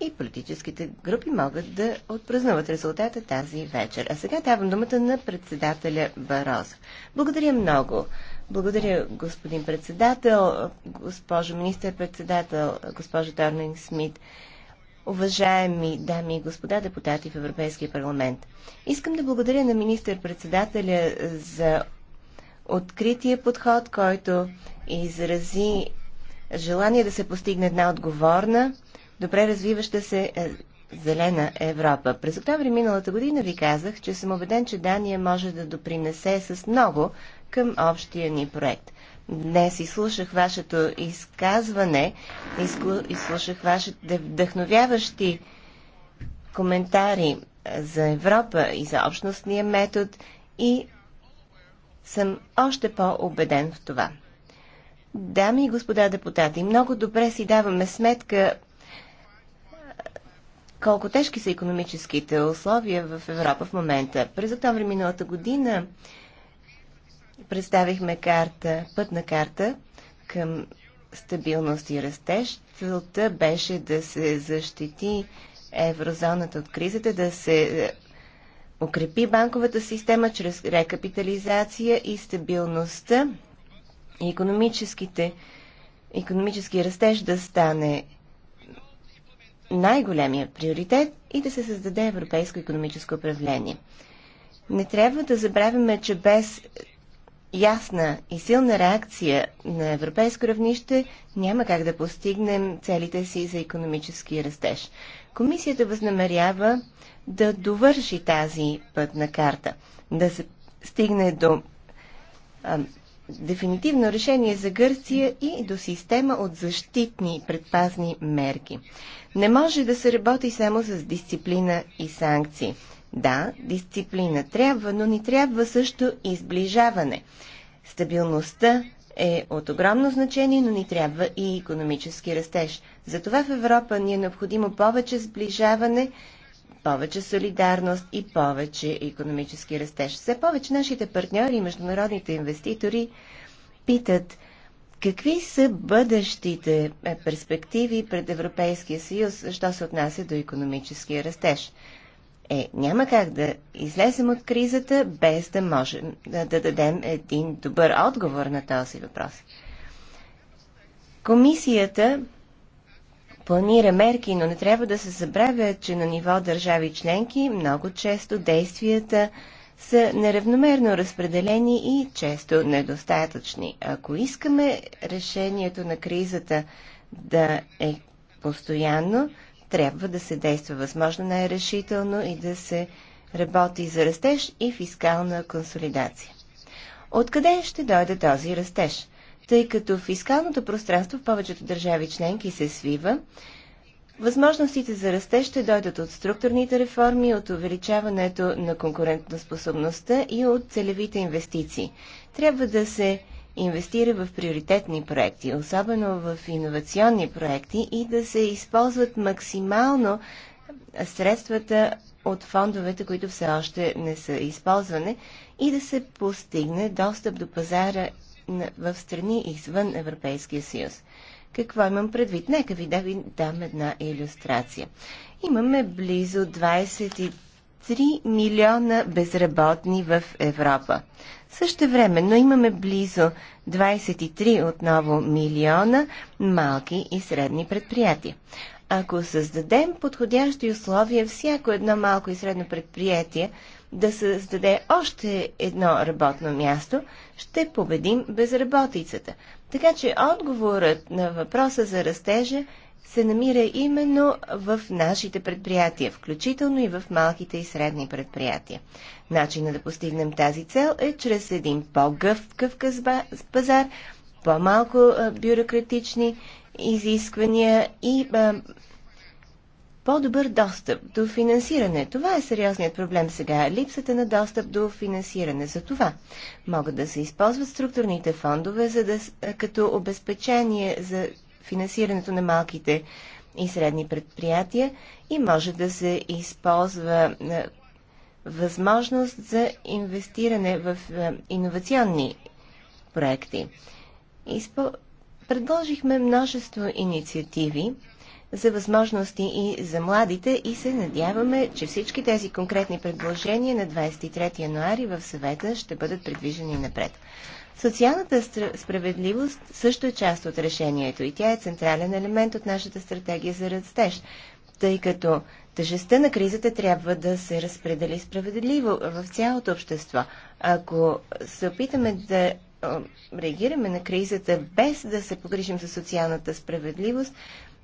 и политическите групи могат да отпразнуват резултата тази вечер. А сега давам думата на председателя Бароза. Благодаря много. Благодаря, господин председател, госпожо министър-председател, госпожо Торнинг Смит, уважаеми дами и господа депутати в Европейския парламент. Искам да благодаря на министър-председателя за открития подход, който изрази желание да се постигне една отговорна, добре развиваща се е, зелена Европа. През октомври миналата година ви казах, че съм убеден, че Дания може да допринесе с много към общия ни проект. Днес изслушах вашето изказване, изслушах вашите вдъхновяващи коментари е, за Европа и за общностния метод и съм още по-убеден в това. Дами и господа депутати, много добре си даваме сметка колко тежки са економическите условия в Европа в момента. През октомври миналата година представихме карта, пътна карта към стабилност и растеж. Целта беше да се защити еврозоната от кризата, да се е, укрепи банковата система чрез рекапитализация и стабилността и економическите, економически растеж да стане най-големия приоритет и да се създаде европейско економическо управление. Не трябва да забравяме, че без ясна и силна реакция на европейско равнище няма как да постигнем целите си за економически растеж. Комисията възнамерява да довърши тази пътна карта, да се стигне до дефинитивно решение за Гърция и до система от защитни предпазни мерки. Не може да се работи само с дисциплина и санкции. Да, дисциплина трябва, но ни трябва също и сближаване. Стабилността е от огромно значение, но ни трябва и економически растеж. Затова в Европа ни е необходимо повече сближаване, повече солидарност и повече економически растеж. Все повече нашите партньори и международните инвеститори питат какви са бъдещите е, перспективи пред Европейския съюз, що се отнася до економическия растеж. Е, няма как да излезем от кризата, без да можем да, да дадем един добър отговор на този въпрос. Комисията планира мерки, но не трябва да се забравя, че на ниво държави членки много често действията са неравномерно разпределени и често недостатъчни. Ако искаме решението на кризата да е постоянно, трябва да се действа възможно най-решително и да се работи за растеж и фискална консолидация. Откъде ще дойде този растеж? тъй като фискалното пространство в повечето държави членки се свива, възможностите за растеж ще дойдат от структурните реформи, от увеличаването на конкурентоспособността и от целевите инвестиции. Трябва да се инвестира в приоритетни проекти, особено в иновационни проекти и да се използват максимално средствата от фондовете, които все още не са използване и да се постигне достъп до пазара в страни извън Европейския съюз. Какво имам предвид? Нека ви да ви дам една иллюстрация. Имаме близо 23 милиона безработни в Европа. Също време, но имаме близо 23 отново милиона малки и средни предприятия. Ако създадем подходящи условия, всяко едно малко и средно предприятие да създаде още едно работно място, ще победим безработицата. Така че отговорът на въпроса за растежа се намира именно в нашите предприятия, включително и в малките и средни предприятия. Начинът да постигнем тази цел е чрез един по-гъвкав пазар, по-малко бюрократични изисквания и по-добър достъп до финансиране. Това е сериозният проблем сега. Липсата на достъп до финансиране. За това могат да се използват структурните фондове за да, като обезпечение за финансирането на малките и средни предприятия и може да се използва възможност за инвестиране в иновационни проекти. Предложихме множество инициативи, за възможности и за младите и се надяваме, че всички тези конкретни предложения на 23 януари в съвета ще бъдат предвижени напред. Социалната справедливост също е част от решението и тя е централен елемент от нашата стратегия за растеж, тъй като тежестта на кризата трябва да се разпредели справедливо в цялото общество. Ако се опитаме да реагираме на кризата без да се погрижим за социалната справедливост,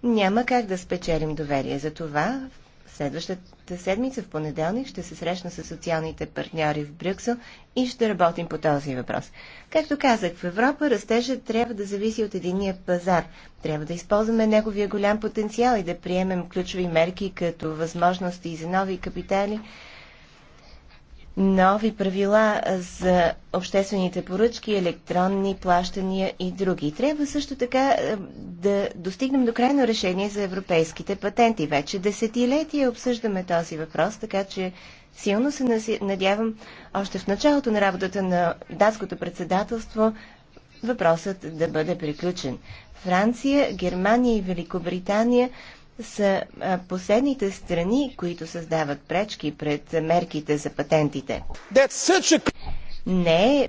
няма как да спечелим доверие. За това следващата седмица в понеделник ще се срещна с социалните партньори в Брюксел и ще работим по този въпрос. Както казах, в Европа растежът трябва да зависи от единия пазар. Трябва да използваме неговия голям потенциал и да приемем ключови мерки като възможности за нови капитали, нови правила за обществените поръчки, електронни плащания и други. Трябва също така е, да достигнем до крайно решение за европейските патенти. Вече десетилетия обсъждаме този въпрос, така че силно се надявам още в началото на работата на датското председателство въпросът да бъде приключен. Франция, Германия и Великобритания са последните страни, които създават пречки пред мерките за патентите. Не е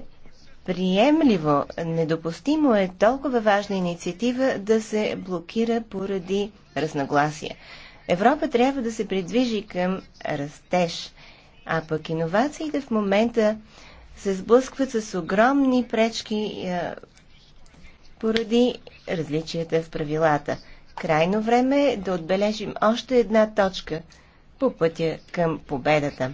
приемливо, недопустимо е толкова важна инициатива да се блокира поради разногласия. Европа трябва да се придвижи към растеж, а пък иновациите в момента се сблъскват с огромни пречки поради различията в правилата – Крайно време е да отбележим още една точка по пътя към победата.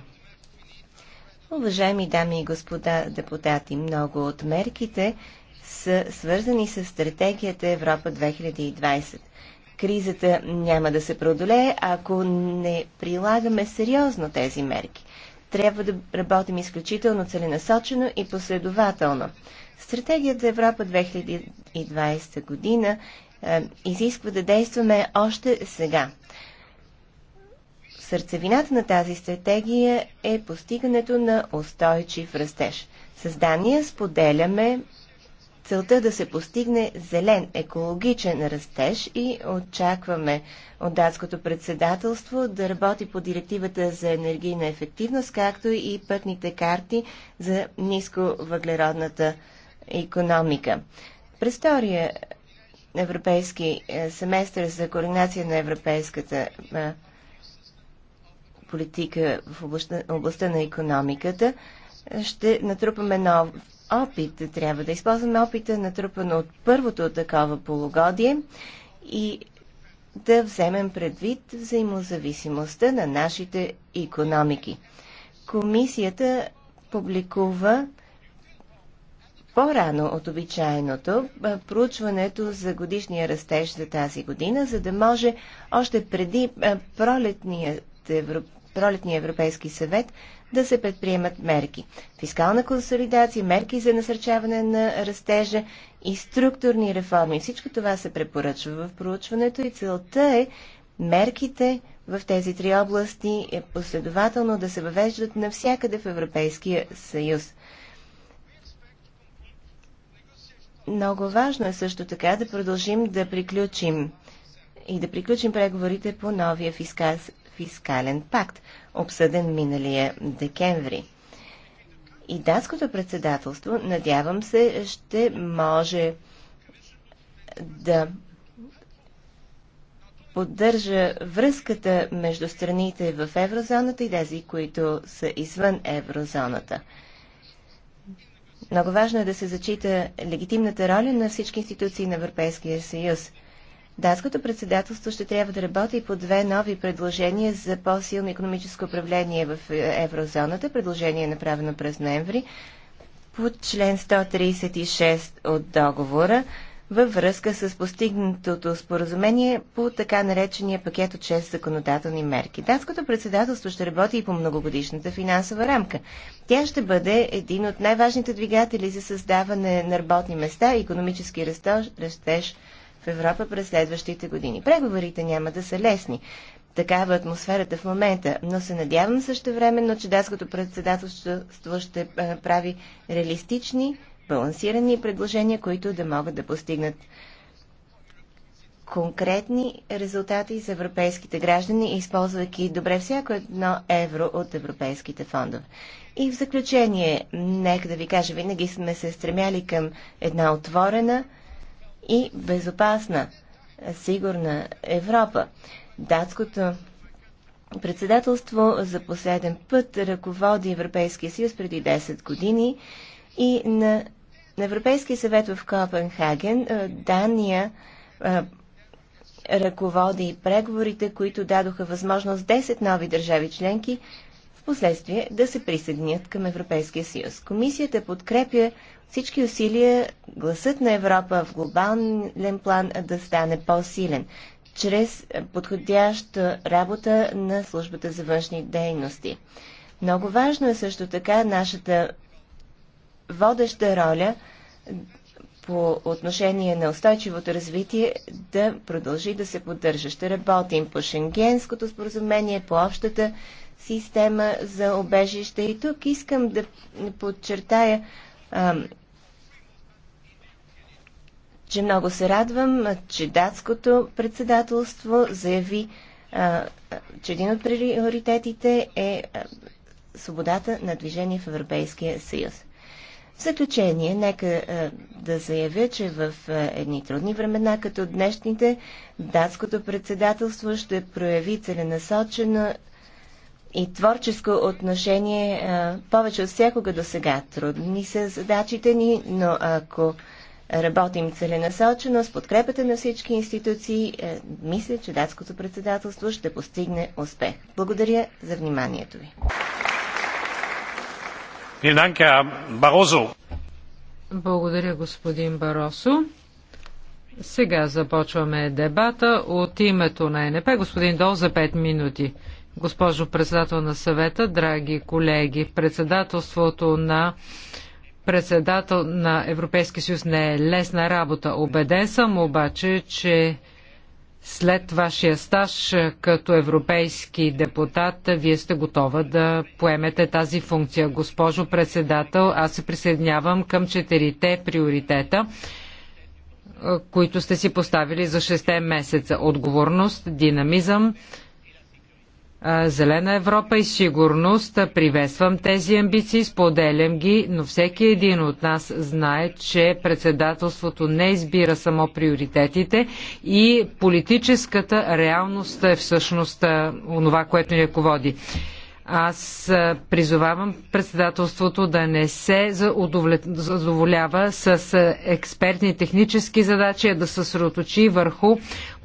Уважаеми дами и господа депутати, много от мерките са свързани с стратегията Европа 2020. Кризата няма да се преодолее, ако не прилагаме сериозно тези мерки. Трябва да работим изключително целенасочено и последователно. Стратегията Европа 2020 година изисква да действаме още сега. Сърцевината на тази стратегия е постигането на устойчив растеж. Създания споделяме целта да се постигне зелен, екологичен растеж и очакваме от датското председателство да работи по директивата за енергийна ефективност, както и пътните карти за ниско въглеродната економика. През втория европейски е, семестър за координация на европейската е, политика в областта, областта на економиката, е, ще натрупаме нов опит. Трябва да използваме опита, натрупан от първото такова полугодие и да вземем предвид взаимозависимостта на нашите економики. Комисията публикува по-рано от обичайното проучването за годишния растеж за тази година, за да може още преди пролетният евро... пролетния Европейски съвет да се предприемат мерки. Фискална консолидация, мерки за насърчаване на растежа и структурни реформи. Всичко това се препоръчва в проучването и целта е мерките в тези три области е последователно да се въвеждат навсякъде в Европейския съюз. Много важно е също така да продължим да приключим и да приключим преговорите по новия фискал, фискален пакт, обсъден миналия декември. И датското председателство, надявам се, ще може да поддържа връзката между страните в еврозоната и тези, които са извън еврозоната. Много важно е да се зачита легитимната роля на всички институции на Европейския съюз. Датското председателство ще трябва да работи по две нови предложения за по-силно економическо управление в е, еврозоната. Предложение е направено през ноември по член 136 от договора във връзка с постигнатото споразумение по така наречения пакет от 6 законодателни мерки. Датското председателство ще работи и по многогодишната финансова рамка. Тя ще бъде един от най-важните двигатели за създаване на работни места и економически растеж, в Европа през следващите години. Преговорите няма да са лесни. Такава е атмосферата в момента, но се надявам също времено, че датското председателство ще прави реалистични балансирани предложения, които да могат да постигнат конкретни резултати за европейските граждани, използвайки добре всяко едно евро от европейските фондове. И в заключение, нека да ви кажа, винаги сме се стремяли към една отворена и безопасна, сигурна Европа. Датското председателство за последен път ръководи Европейския съюз преди 10 години и на на Европейския съвет в Копенхаген Дания ръководи преговорите, които дадоха възможност 10 нови държави членки в последствие да се присъединят към Европейския съюз. Комисията подкрепя всички усилия гласът на Европа в глобален план да стане по-силен чрез подходяща работа на службата за външни дейности. Много важно е също така нашата водеща роля по отношение на устойчивото развитие да продължи да се поддържа. Ще работим по Шенгенското споразумение, по общата система за обежище. И тук искам да подчертая, че много се радвам, че датското председателство заяви, че един от приоритетите е свободата на движение в Европейския съюз. В заключение, нека а, е, да заявя, че в а, е, едни трудни времена, като днешните, датското председателство ще прояви целенасочено и творческо отношение а, е, повече от всякога до сега. Трудни са задачите ни, но ако работим целенасочено с подкрепата на всички институции, е, мисля, че датското председателство ще постигне успех. Благодаря за вниманието ви. Благодаря, господин Баросо. Сега започваме дебата от името на НП. Господин Дол за 5 минути. Госпожо председател на съвета, драги колеги, председателството на председател на Европейския съюз не е лесна работа. Обеден съм обаче, че след вашия стаж е, като европейски депутат, е, вие сте готова да поемете тази функция. Госпожо председател, аз се присъединявам към четирите приоритета, е, които сте си поставили за 6 месеца. Отговорност, динамизъм, Зелена Европа и сигурност. Приветствам тези амбиции, споделям ги, но всеки един от нас знае, че председателството не избира само приоритетите и политическата реалност е всъщност онова, което ни ръководи. Аз призовавам председателството да не се задоволява с експертни технически задачи, а да се съсредоточи върху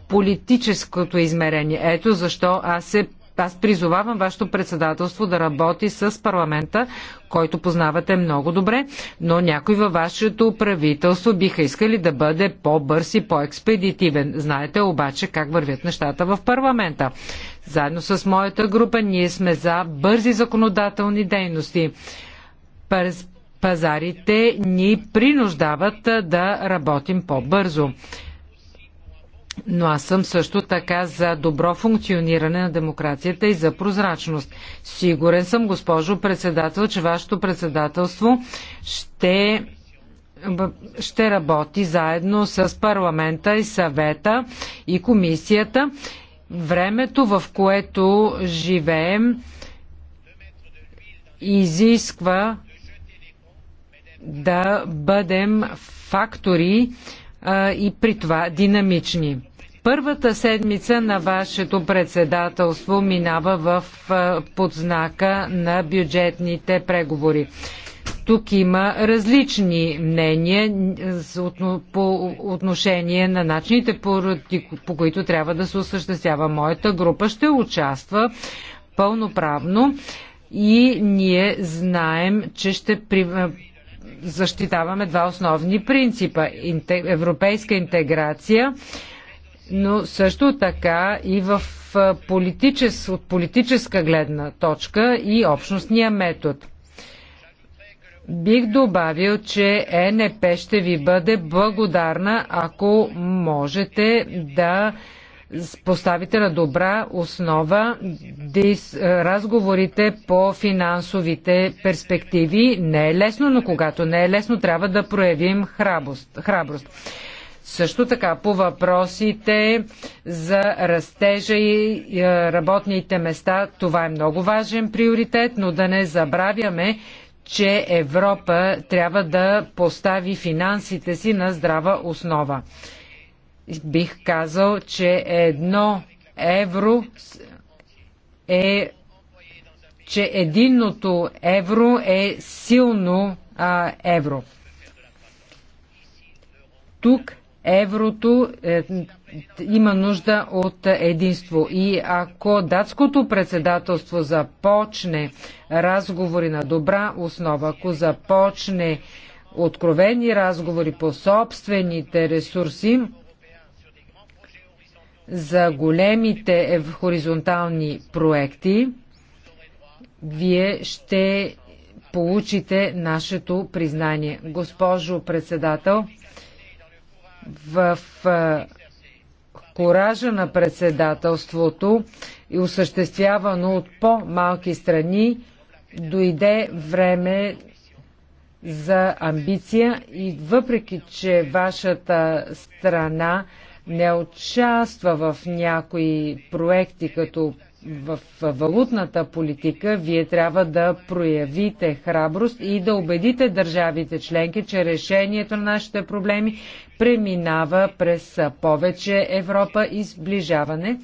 политическото измерение. Ето защо аз се аз призовавам вашето председателство да работи с парламента, който познавате много добре, но някой във вашето правителство биха искали да бъде по-бърз и по-експедитивен. Знаете обаче как вървят нещата в парламента. Заедно с моята група ние сме за бързи законодателни дейности. пазарите ни принуждават да работим по-бързо. Но аз съм също така за добро функциониране на демокрацията и за прозрачност. Сигурен съм, госпожо председател, че вашето председателство ще ще работи заедно с парламента и съвета и комисията. Времето, в което живеем, изисква да бъдем фактори, а, и при това динамични. Първата седмица на вашето председателство минава в подзнака на бюджетните преговори. Тук има различни мнения по отношение на начините, по които трябва да се осъществява. Моята група ще участва пълноправно и ние знаем, че ще защитаваме два основни принципа. Европейска интеграция, но също така и в политичес, от политическа гледна точка и общностния метод. Бих добавил, че ЕНП ще ви бъде благодарна, ако можете да поставите на добра основа дис, е, разговорите по финансовите перспективи. Не е лесно, но когато не е лесно, трябва да проявим храброст. храброст. Също така по въпросите за растежа и е, работните места, това е много важен приоритет, но да не забравяме, че Европа трябва да постави финансите си на здрава основа бих казал, че едно евро е че единното евро е силно а, евро. Тук еврото е, има нужда от единство. И ако датското председателство започне разговори на добра основа, ако започне откровени разговори по собствените ресурси, за големите хоризонтални проекти, вие ще получите нашето признание. Госпожо председател, в коража на председателството и осъществявано от по-малки страни, дойде време за амбиция и въпреки, че вашата страна не участва в някои проекти, като в валутната политика, вие трябва да проявите храброст и да убедите държавите членки, че решението на нашите проблеми преминава през повече Европа и сближаване.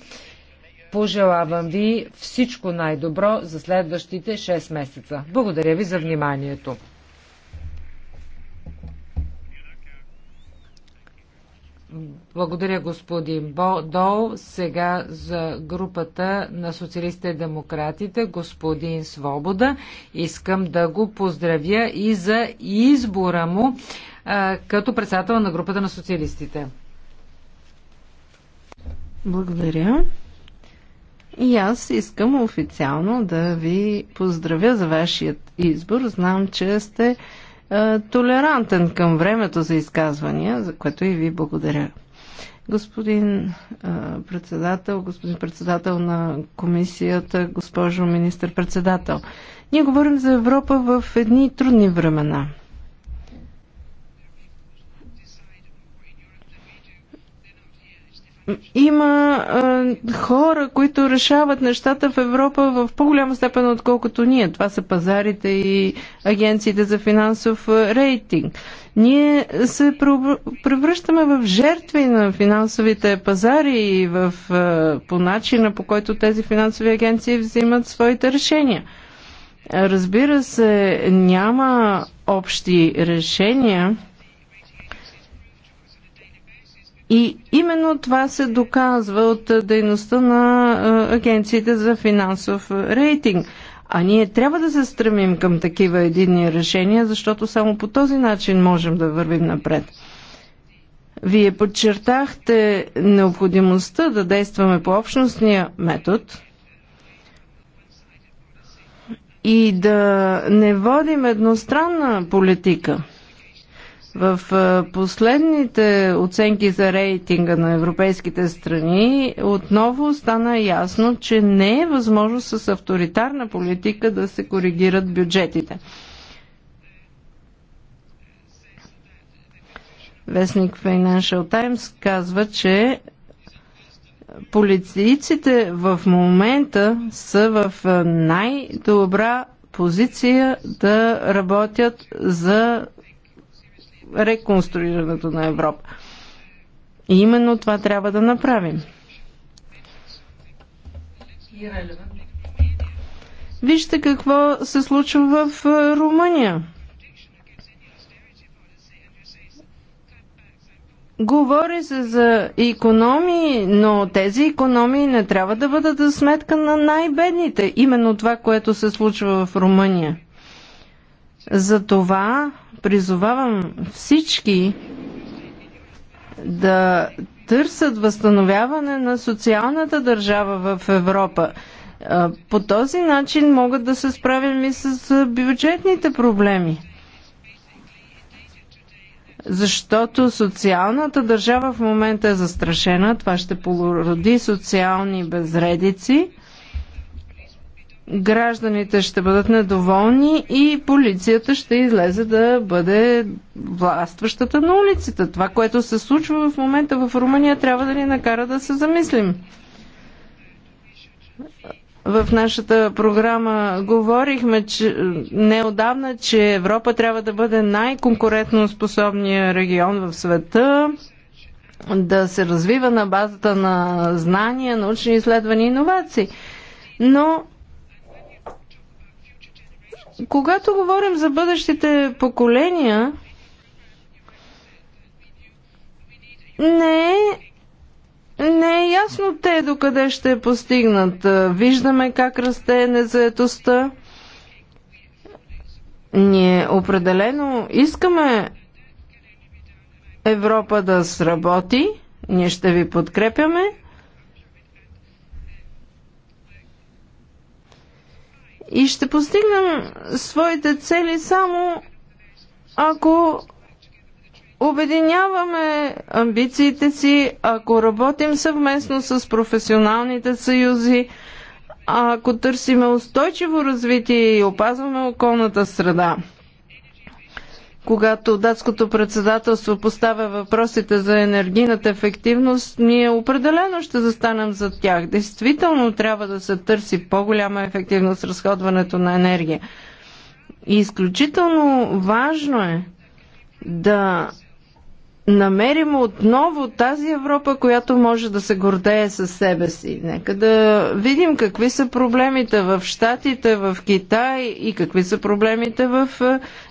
Пожелавам ви всичко най-добро за следващите 6 месеца. Благодаря ви за вниманието. Благодаря, господин Бодол. Сега за групата на социалистите и демократите, господин Свобода. Искам да го поздравя и за избора му а, като председател на групата на социалистите. Благодаря. И аз искам официално да ви поздравя за вашият избор. Знам, че сте е, толерантен към времето за изказвания, за което и ви благодаря. Господин е, председател, господин председател на комисията, госпожо министър-председател, ние говорим за Европа в едни трудни времена – има а, хора, които решават нещата в Европа в по-голяма степен, отколкото ние. Това са пазарите и агенциите за финансов рейтинг. Ние се превръщаме в жертви на финансовите пазари и в, а, по начина, по който тези финансови агенции взимат своите решения. Разбира се, няма общи решения и именно това се доказва от дейността на агенциите за финансов рейтинг. А ние трябва да се стремим към такива единни решения, защото само по този начин можем да вървим напред. Вие подчертахте необходимостта да действаме по общностния метод и да не водим едностранна политика. В последните оценки за рейтинга на европейските страни отново стана ясно, че не е възможно с авторитарна политика да се коригират бюджетите. Вестник Financial Times казва, че полицейците в момента са в най-добра позиция да работят за реконструирането на Европа. И именно това трябва да направим. Вижте какво се случва в е, Румъния. Говори се за економии, но тези економии не трябва да бъдат за сметка на най-бедните. Именно това, което се случва в Румъния. Затова призовавам всички да търсят възстановяване на социалната държава в Европа. По този начин могат да се справим и с бюджетните проблеми. Защото социалната държава в момента е застрашена, това ще породи социални безредици гражданите ще бъдат недоволни и полицията ще излезе да бъде властващата на улицата. Това, което се случва в момента в Румъния, трябва да ни накара да се замислим. В нашата програма говорихме че, неодавна, че Европа трябва да бъде най-конкурентно способния регион в света, да се развива на базата на знания, научни изследвания и иновации. Но когато говорим за бъдещите поколения, не е не е ясно те докъде ще постигнат. Виждаме как расте незаетостта. Ние определено искаме Европа да сработи. Ние ще ви подкрепяме. И ще постигнем своите цели само ако обединяваме амбициите си, ако работим съвместно с професионалните съюзи, ако търсиме устойчиво развитие и опазваме околната среда когато датското председателство поставя въпросите за енергийната ефективност, ние определено ще застанем за тях. Действително трябва да се търси по-голяма ефективност разходването на енергия. И изключително важно е да намерим отново тази Европа, която може да се гордее със себе си. Нека да видим какви са проблемите в Штатите, в Китай и какви са проблемите в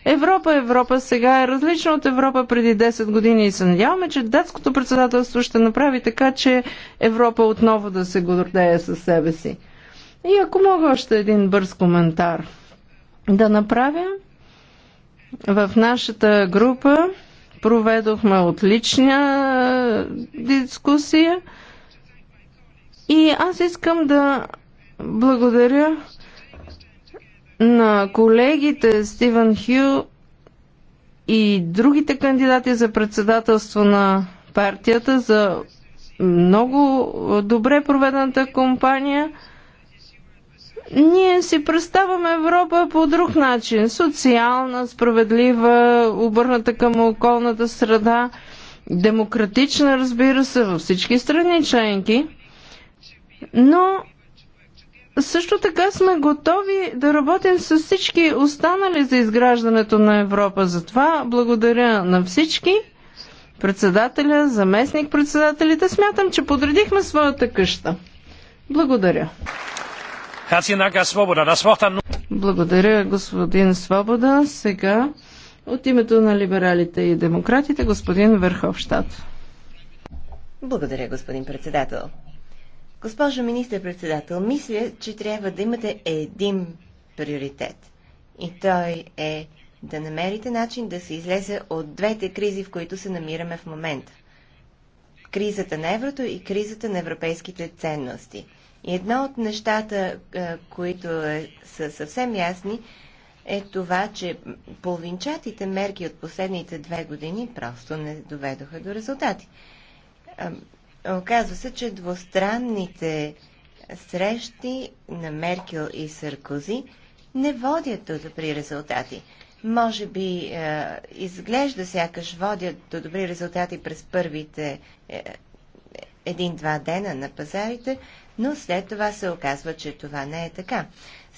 е, Европа. Европа сега е различна от Европа преди 10 години и се надяваме, че датското председателство ще направи така, че Европа отново да се гордее със себе си. И ако мога още един бърз коментар да направя в нашата група, Проведохме отлична дискусия и аз искам да благодаря на колегите Стивен Хю и другите кандидати за председателство на партията за много добре проведената компания ние си представяме Европа по друг начин. Социална, справедлива, обърната към околната среда, демократична, разбира се, във всички страни членки. Но също така сме готови да работим с всички останали за изграждането на Европа. Затова благодаря на всички, председателя, заместник председателите. Смятам, че подредихме своята къща. Благодаря. Благодаря, господин Свобода. Сега от името на либералите и демократите, господин Верховщад. Благодаря, господин председател. Госпожо министър-председател, мисля, че трябва да имате един приоритет. И той е да намерите начин да се излезе от двете кризи, в които се намираме в момента. Кризата на еврото и кризата на европейските ценности – Едно от нещата, които е, са съвсем ясни, е това, че половинчатите мерки от последните две години просто не доведоха до резултати. Оказва се, че двустранните срещи на Меркел и Саркози не водят до добри резултати. Може би е, изглежда сякаш водят до добри резултати през първите е, е един-два дена на пазарите, но след това се оказва, че това не е така.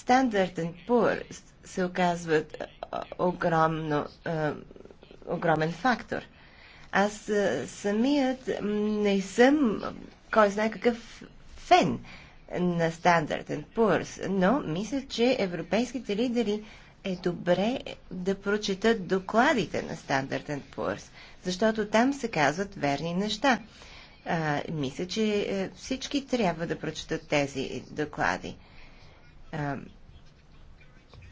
Standard Poor се оказват е, огромно, е, огромен фактор. Аз е, самият не съм кой знае какъв фен на Standard Poor's, но мисля, че европейските лидери е добре да прочетат докладите на Standard Poor's, защото там се казват верни неща. А, мисля, че е, всички трябва да прочетат тези доклади. А,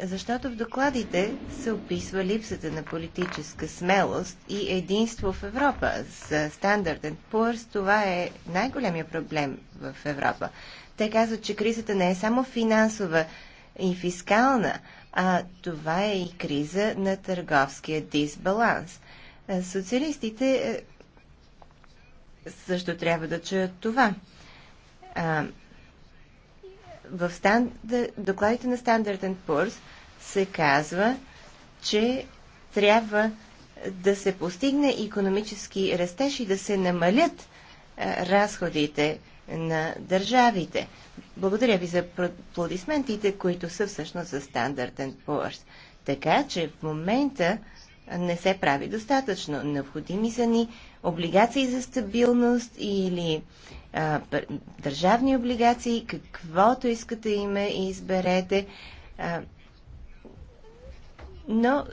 защото в докладите се описва липсата на политическа смелост и единство в Европа. За Standard Poor's това е най-големия проблем в Европа. Те казват, че кризата не е само финансова и фискална, а това е и криза на търговския дисбаланс. Е, социалистите е, също трябва да чуят това. А, в стандар... докладите на Standard Poor's се казва, че трябва да се постигне економически растеж и да се намалят а, разходите на държавите. Благодаря ви за аплодисментите, които са всъщност за Standard Poor's. Така че в момента не се прави достатъчно. Необходими са ни облигации за стабилност или а, държавни облигации, каквото искате име и изберете. А, но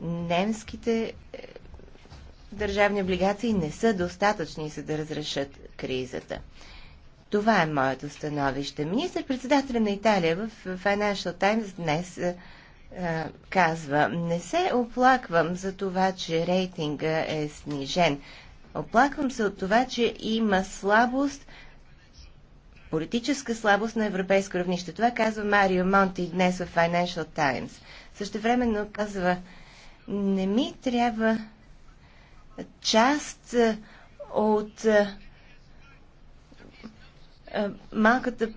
немските е, държавни облигации не са достатъчни, за да разрешат кризата. Това е моето становище. Министър-председателя на Италия в Financial Times днес е, е, казва, не се оплаквам за това, че рейтинга е снижен. Оплаквам се от това, че има слабост, политическа слабост на европейско равнище. Това казва Марио Монти днес в Financial Times. Същевременно казва, не ми трябва част е, от е, малката,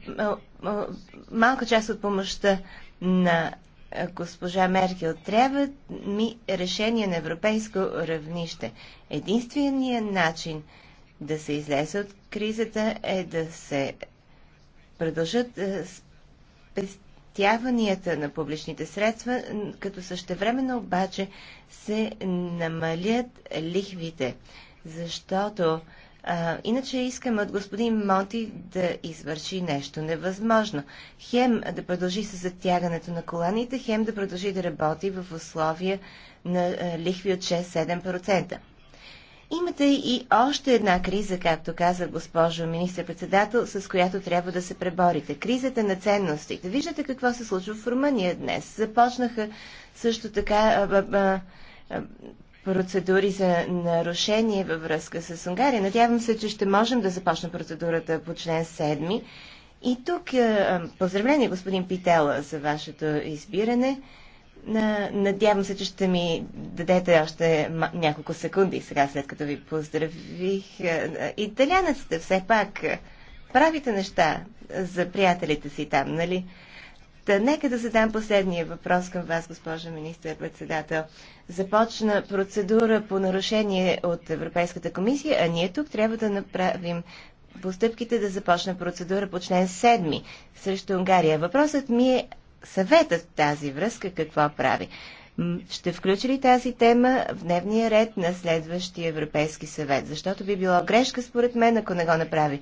малка част от помощта на госпожа Меркел, трябва ми решение на европейско равнище. Единственият начин да се излезе от кризата е да се продължат е, спестяванията на публичните средства, като същевременно обаче се намалят лихвите, защото а, иначе искаме от господин Монти да извърши нещо невъзможно. Хем да продължи с затягането на коланите, хем да продължи да работи в условия на а, лихви от 6-7%. Имате и още една криза, както каза госпожо министър-председател, с която трябва да се преборите. Кризата на ценностите. Виждате какво се случва в Румъния днес. Започнаха също така а, а, а, процедури за нарушение във връзка с Унгария. Надявам се, че ще можем да започнем процедурата по член 7. И тук е, е, поздравление, господин Питела, за вашето избиране. Надявам се, че ще ми дадете още няколко секунди сега, след като ви поздравих. Е, Италянец все пак. Правите неща за приятелите си там, нали? Та нека да задам последния въпрос към вас, госпожа министър-председател. Започна процедура по нарушение от Европейската комисия, а ние тук трябва да направим постъпките да започна процедура по член 7 срещу Унгария. Въпросът ми е съветът тази връзка какво прави. Ще включи ли тази тема в дневния ред на следващия Европейски съвет? Защото би било грешка, според мен, ако не го направи.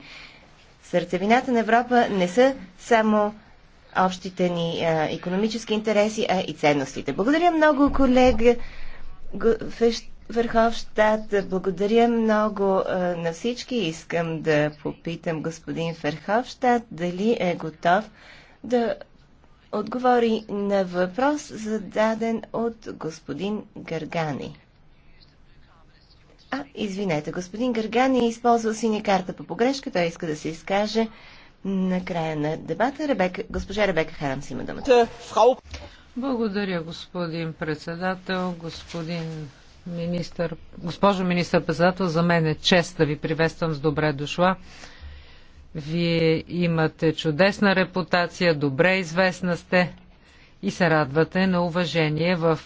Сърцевината на Европа не са само общите ни а, економически интереси, а и ценностите. Благодаря много, колега Верховщад. Благодаря много а, на всички. Искам да попитам господин Верховщад дали е готов да отговори на въпрос, зададен от господин Гаргани. А, извинете, господин Гаргани използва синя карта по погрешка. Той иска да се изкаже. Накрая на дебата. Ребека, госпожа Ребека Харамс има думата. Е, Благодаря, господин председател, господин министър, госпожо министър-председател. За мен е чест да ви приветствам с добре дошла. Вие имате чудесна репутация, добре известна сте и се радвате на уважение в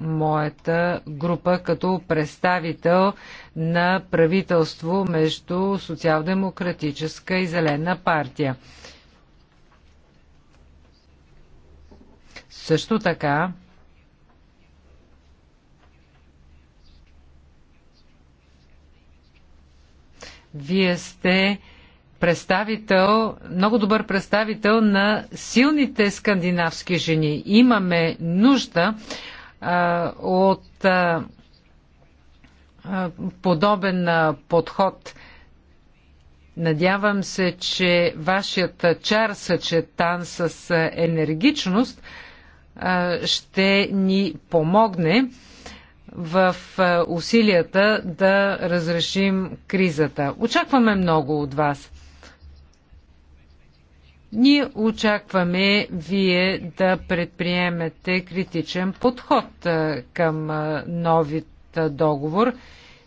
моята група като представител на правителство между Социал-демократическа и Зелена партия. Също така вие сте представител, много добър представител на силните скандинавски жени. Имаме нужда а, от а, подобен а, подход. Надявам се, че вашият чар, съчетан с енергичност, а, ще ни помогне в усилията да разрешим кризата. Очакваме много от вас. Ние очакваме вие да предприемете критичен подход към новият договор.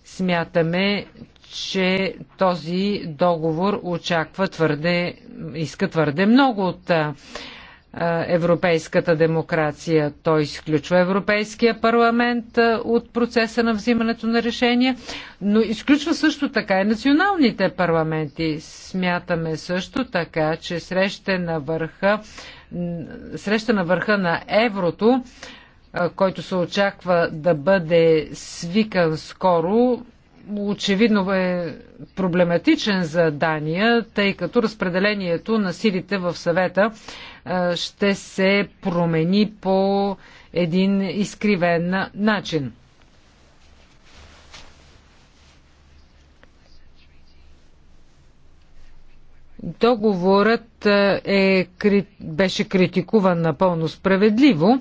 Смятаме, че този договор очаква твърде, иска твърде много от европейската демокрация. Той изключва Европейския парламент от процеса на взимането на решения, но изключва също така и националните парламенти. Смятаме също така, че среща на върха, среща на, върха на еврото, който се очаква да бъде свикан скоро, очевидно е проблематичен за Дания, тъй като разпределението на силите в съвета ще се промени по един изкривен начин. Договорът е, е беше критикуван напълно справедливо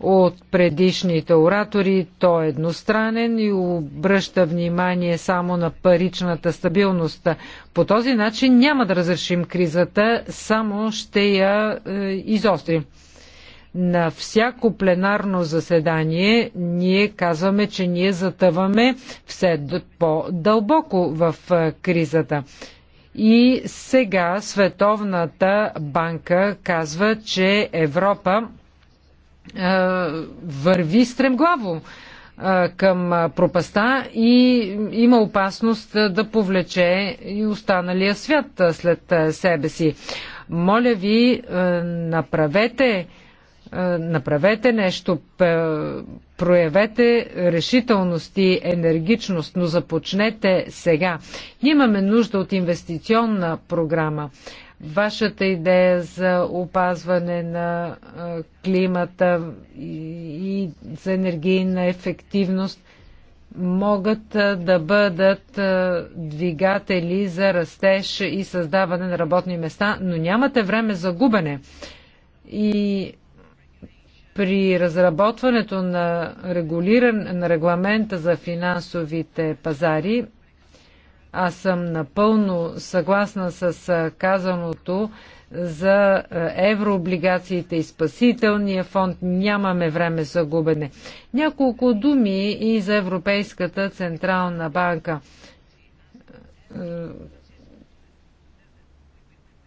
от предишните оратори. Той е едностранен и обръща внимание само на паричната стабилност. По този начин няма да разрешим кризата, само ще я е, изострим. На всяко пленарно заседание ние казваме, че ние затъваме все по-дълбоко в е, кризата и сега Световната банка казва, че Европа е, върви стремглаво е, към пропаста и има опасност да повлече и останалия свят след себе си. Моля ви, е, направете е, направете нещо, проявете решителност и енергичност, но започнете сега. имаме нужда от инвестиционна програма. Вашата идея за опазване на е, климата и за енергийна ефективност могат е, да бъдат двигатели за растеж и създаване на работни места, но нямате време за губене. И при разработването на, регулиран, на регламента за финансовите пазари, аз съм напълно съгласна с казаното за еврооблигациите и спасителния фонд. Нямаме време за губене. Няколко думи и за Европейската централна банка. Е,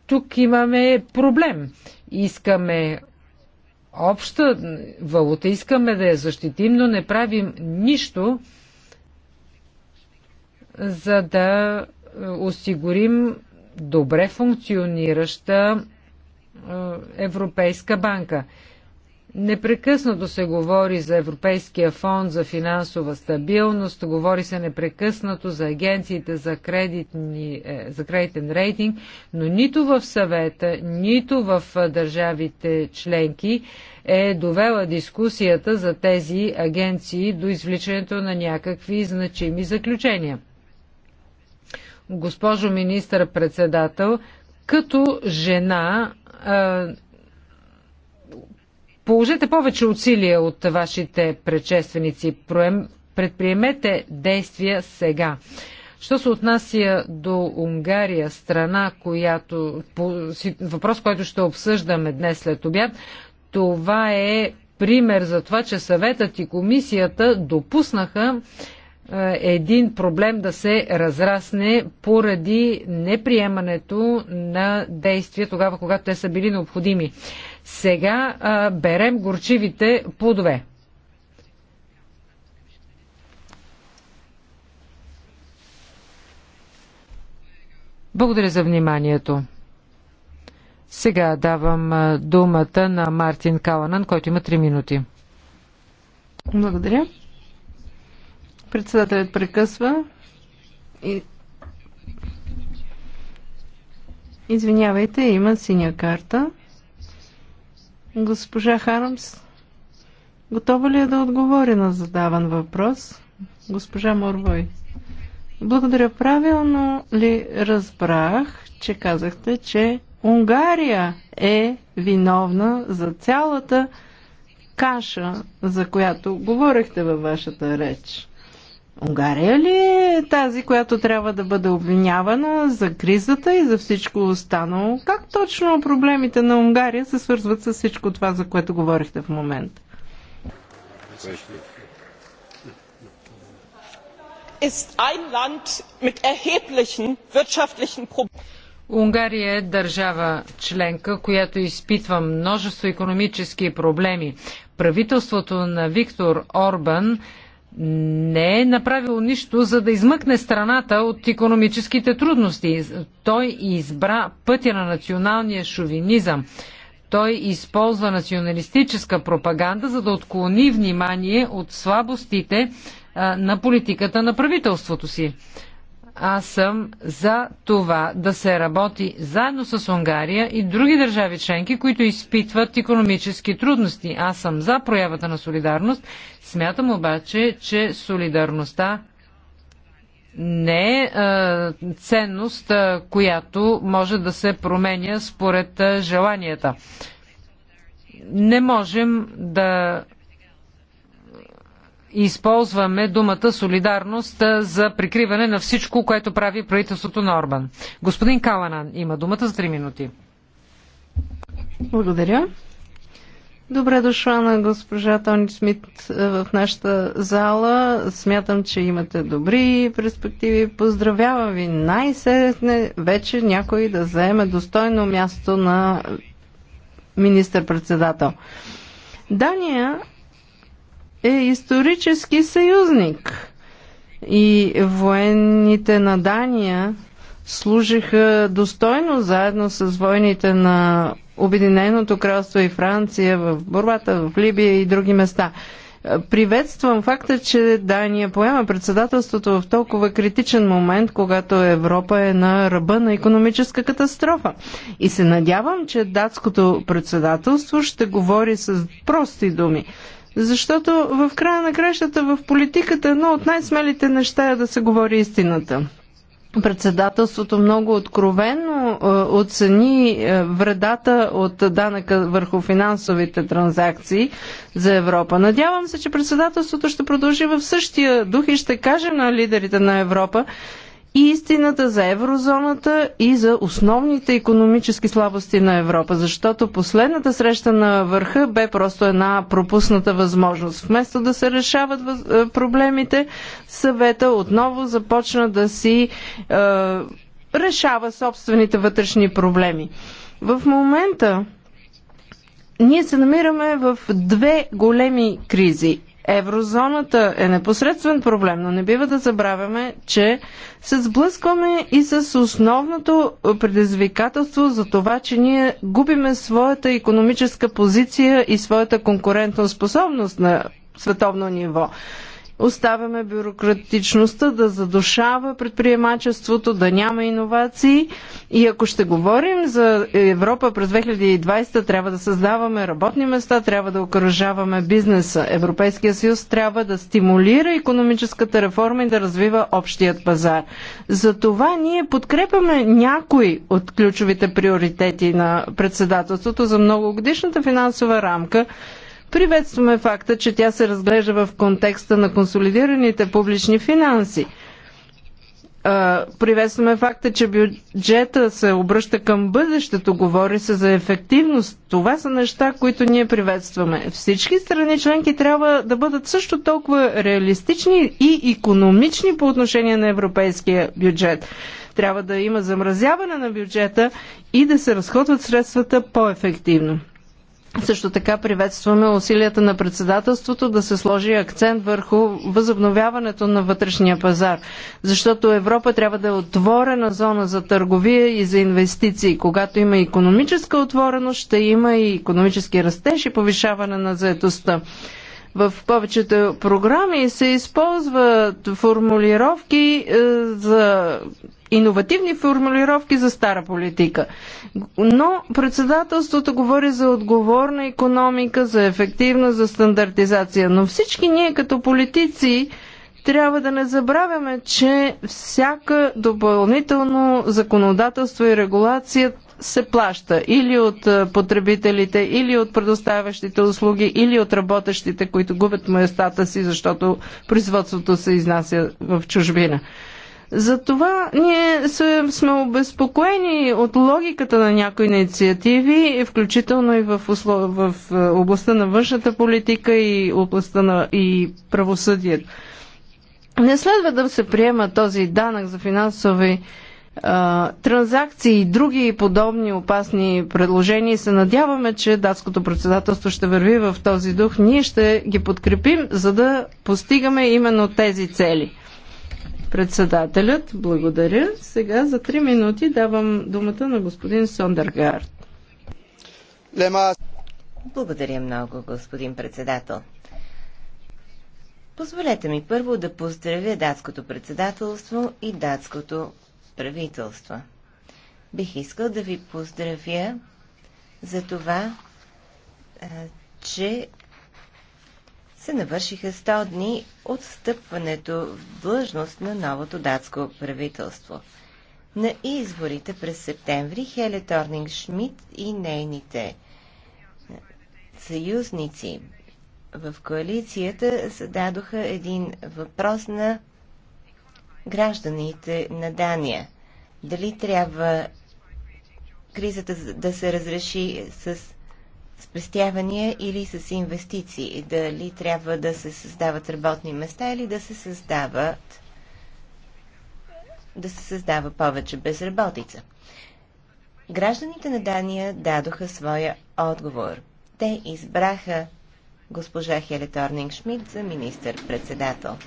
тук имаме проблем. Искаме обща валута, искаме да я защитим, но не правим нищо, за да е, осигурим добре функционираща е, Европейска банка. Непрекъснато се говори за Европейския фонд за финансова стабилност, говори се непрекъснато за агенциите за, кредитни, е, за кредитен рейтинг, но нито в съвета, нито в е, държавите членки е довела дискусията за тези агенции до извличането на някакви значими заключения. Госпожо министър-председател, като жена е, Положете повече усилия от вашите предшественици. Предприемете действия сега. Що се отнася до Унгария, страна, която... По, си, въпрос, който ще обсъждаме днес след обяд, това е пример за това, че съветът и комисията допуснаха е, един проблем да се разрасне поради неприемането на действия тогава, когато те са били необходими. Сега а, берем горчивите плодове. Благодаря за вниманието. Сега давам думата на Мартин Каланан, който има 3 минути. Благодаря. Председателят прекъсва. И... Извинявайте, има синя карта. Госпожа Хармс, готова ли е да отговори на задаван въпрос? Госпожа Морвой. Благодаря. Правилно ли разбрах, че казахте, че Унгария е виновна за цялата каша, за която говорихте във вашата реч? Унгария ли е тази, която трябва да бъде обвинявана за кризата и за всичко останало? Как точно проблемите на Унгария се свързват с всичко това, за което говорихте в момента? Унгария е държава членка, която изпитва множество економически проблеми. Правителството на Виктор Орбан не е направил нищо, за да измъкне страната от економическите трудности. Той избра пътя на националния шовинизъм. Той използва националистическа пропаганда, за да отклони внимание от слабостите на политиката на правителството си. Аз съм за това да се работи заедно с Унгария и други държави членки, които изпитват економически трудности. Аз съм за проявата на солидарност. Смятам обаче, че солидарността не е, е ценност, е, която може да се променя според е, желанията. Не можем да използваме думата солидарност за прикриване на всичко, което прави правителството на Орбан. Господин Каланан има думата за 3 минути. Благодаря. Добре дошла на госпожа Тони Смит в нашата зала. Смятам, че имате добри перспективи. Поздравявам ви най-сетне вече някой да заеме достойно място на министър-председател. Дания е исторически съюзник. И военните на Дания служиха достойно заедно с войните на Обединеното кралство и Франция в борбата в Либия и други места. Приветствам факта, че Дания поема председателството в толкова критичен момент, когато Европа е на ръба на економическа катастрофа. И се надявам, че датското председателство ще говори с прости думи. Защото в края на кращата в политиката едно от най-смелите неща е да се говори истината. Председателството много откровенно е, оцени е, вредата от данъка върху финансовите транзакции за Европа. Надявам се, че председателството ще продължи в същия дух и ще каже на лидерите на Европа, и истината за еврозоната и за основните економически слабости на Европа, защото последната среща на върха бе просто една пропусната възможност. Вместо да се решават е, проблемите, съвета отново започна да си е, решава собствените вътрешни проблеми. В момента ние се намираме в две големи кризи Еврозоната е непосредствен проблем, но не бива да забравяме, че се сблъскваме и с основното предизвикателство за това, че ние губиме своята економическа позиция и своята конкурентна способност на световно ниво. Оставяме бюрократичността да задушава предприемачеството, да няма иновации. И ако ще говорим за Европа през 2020, трябва да създаваме работни места, трябва да окоръжаваме бизнеса. Европейския съюз трябва да стимулира економическата реформа и да развива общият пазар. За това ние подкрепяме някои от ключовите приоритети на председателството за многогодишната финансова рамка, Приветстваме факта, че тя се разглежда в контекста на консолидираните публични финанси. Приветстваме факта, че бюджета се обръща към бъдещето, говори се за ефективност. Това са неща, които ние приветстваме. Всички страни членки трябва да бъдат също толкова реалистични и економични по отношение на европейския бюджет трябва да има замразяване на бюджета и да се разходват средствата по-ефективно. Също така приветстваме усилията на председателството да се сложи акцент върху възобновяването на вътрешния пазар, защото Европа трябва да е отворена зона за търговия и за инвестиции. Когато има економическа отвореност, ще има и економически растеж и повишаване на заетостта в повечето програми се използват формулировки е, за иновативни формулировки за стара политика. Но председателството говори за отговорна економика, за ефективност, за стандартизация. Но всички ние като политици трябва да не забравяме, че всяка допълнително законодателство и регулация се плаща или от е, потребителите, или от предоставящите услуги, или от работещите, които губят местата си, защото производството се изнася в чужбина. Затова ние сме обезпокоени от логиката на някои инициативи, включително и в, услов... в е, областта на външната политика и областта на и правосъдието. Не следва да се приема този данък за финансови транзакции и други подобни опасни предложения се надяваме, че датското председателство ще върви в този дух. Ние ще ги подкрепим, за да постигаме именно тези цели. Председателят, благодаря. Сега за три минути давам думата на господин Сондергард. Благодаря много, господин председател. Позволете ми първо да поздравя датското председателство и датското правителства. Бих искал да ви поздравя за това, че се навършиха 100 дни от стъпването в длъжност на новото датско правителство. На изборите през септември Хеле Торнинг Шмидт и нейните съюзници в коалицията зададоха един въпрос на гражданите на Дания. Дали трябва кризата да се разреши с спестявания или с инвестиции? Дали трябва да се създават работни места или да се създават да се създава повече безработица? Гражданите на Дания дадоха своя отговор. Те избраха госпожа Хеле Торнинг Шмидт за министър-председател.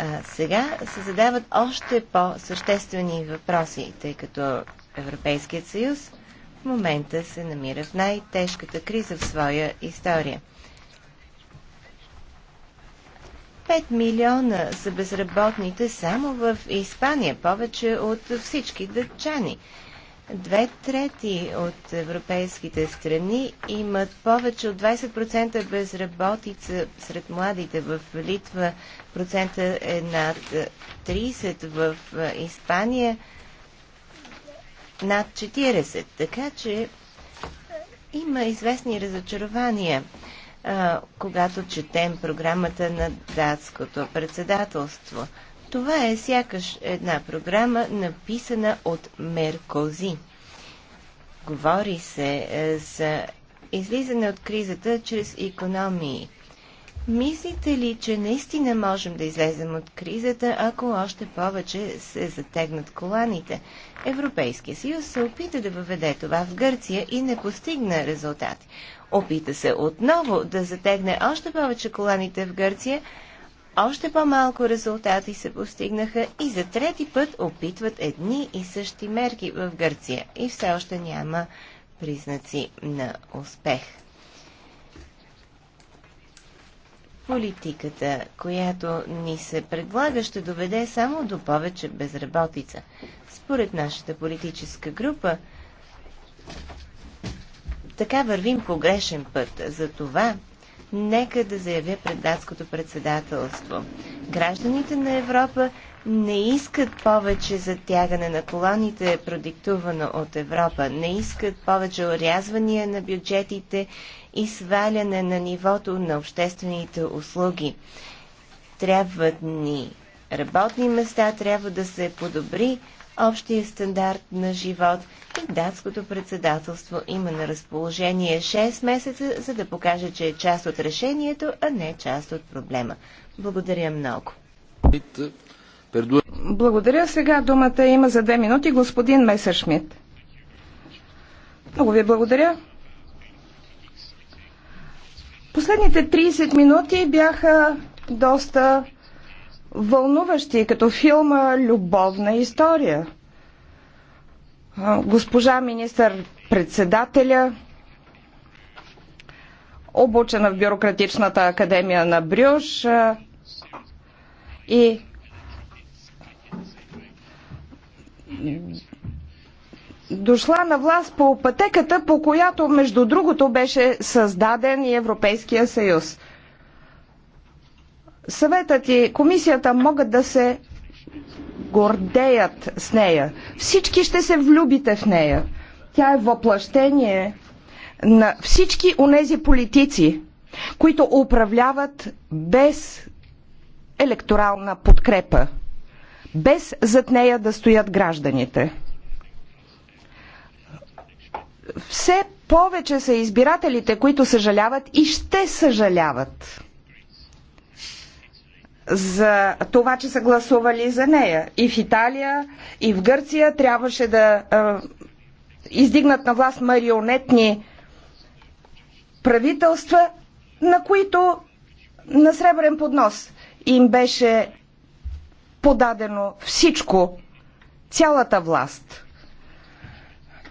А сега се задават още по-съществени въпроси, тъй като Европейският съюз в момента се намира в най-тежката криза в своя история. 5 милиона са безработните само в Испания, повече от всички дъчани. Две трети от европейските страни имат повече от 20% безработица сред младите. В Литва процента е над 30%, в Испания над 40%. Така че има известни разочарования, когато четем програмата на датското председателство – това е сякаш една програма, написана от Меркози. Говори се е, за излизане от кризата чрез економии. Мислите ли, че наистина можем да излезем от кризата, ако още повече се затегнат коланите? Европейския съюз се опита да въведе това в Гърция и не постигна резултати. Опита се отново да затегне още повече коланите в Гърция още по-малко резултати се постигнаха и за трети път опитват едни и същи мерки в Гърция и все още няма признаци на успех. Политиката, която ни се предлага, ще доведе само до повече безработица. Според нашата политическа група, така вървим по грешен път. За това нека да заявя пред датското председателство. Гражданите на Европа не искат повече затягане на колоните, продиктувано от Европа. Не искат повече орязвания на бюджетите и сваляне на нивото на обществените услуги. Трябват ни работни места, трябва да се подобри общия стандарт на живот и датското председателство има на разположение 6 месеца, за да покаже, че е част от решението, а не част от проблема. Благодаря много. Благодаря. Сега думата има за две минути господин Месершмит. Много ви благодаря. Последните 30 минути бяха доста вълнуващи, като филма Любовна история. Госпожа министър-председателя, обучена в бюрократичната академия на Брюш и дошла на власт по пътеката, по която, между другото, беше създаден и Европейския съюз съветът и комисията могат да се гордеят с нея. Всички ще се влюбите в нея. Тя е въплъщение на всички онези политици, които управляват без електорална подкрепа, без зад нея да стоят гражданите. Все повече са избирателите, които съжаляват и ще съжаляват за това, че са гласували за нея. И в Италия, и в Гърция трябваше да а, издигнат на власт марионетни правителства, на които на сребрен поднос им беше подадено всичко, цялата власт.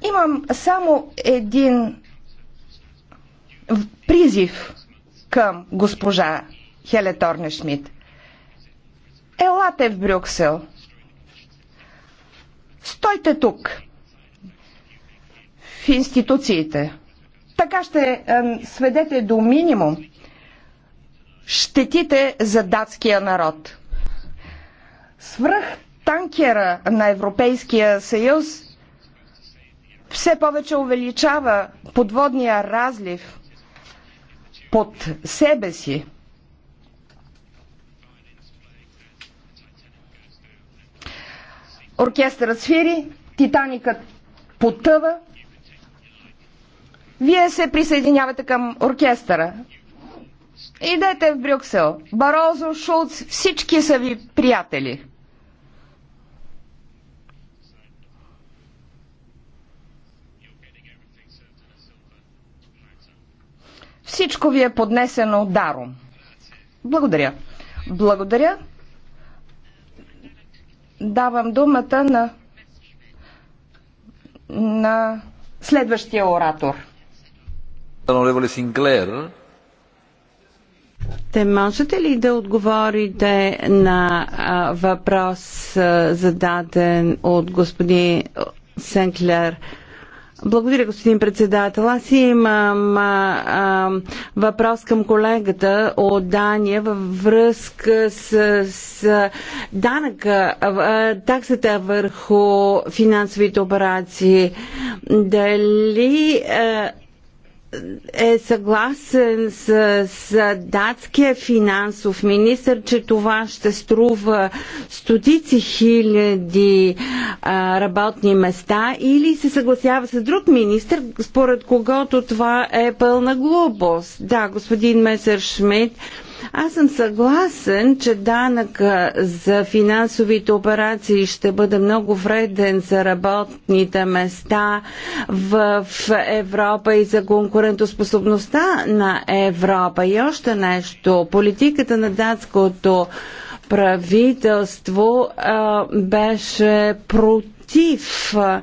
Имам само един призив към госпожа Хеле Торнешмит. Елате в Брюксел. Стойте тук. В институциите. Така ще сведете до минимум щетите за датския народ. Свръх танкера на Европейския съюз все повече увеличава подводния разлив под себе си. оркестърът свири, Титаникът потъва. Вие се присъединявате към оркестъра. Идете в Брюксел. Барозо, Шулц, всички са ви приятели. Всичко ви е поднесено даром. Благодаря. Благодаря давам думата на, на следващия оратор. Синклер. Те можете ли да отговорите на а, въпрос а, зададен от господин Сенклер? Благодаря, господин председател. Аз имам а, а, въпрос към колегата от Дания във връзка с, с данъка, а, таксата върху финансовите операции. Дали. А, е съгласен с, с датския финансов министр, че това ще струва стотици хиляди а, работни места или се съгласява с друг министр, според когото това е пълна глупост. Да, господин месер Шмидт аз съм съгласен, че данъка за финансовите операции ще бъде много вреден за работните места в Европа и за конкурентоспособността на Европа. И още нещо. Политиката на датското правителство а, беше против а,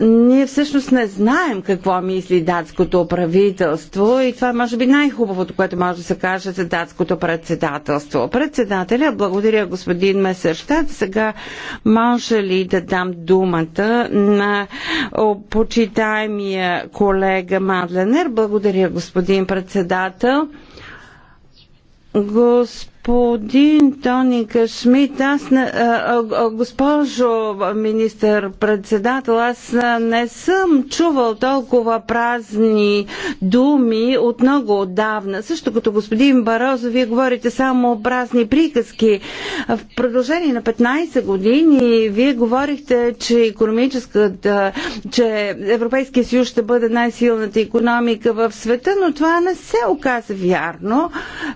ние всъщност не знаем какво мисли датското правителство и това е може би най-хубавото, което може да се каже за датското председателство. Председателя, благодаря господин Месерщат. Сега може ли да дам думата на почитаемия колега Мадленер? Благодаря господин председател. Господин господин Тони Кашмит, аз не, а, а, госпожо министър-председател, аз не съм чувал толкова празни думи от много отдавна. Също като господин Барозо, вие говорите само празни приказки. В продължение на 15 години вие говорихте, че економическата, че Европейския съюз ще бъде най-силната економика в света, но това не се оказа вярно.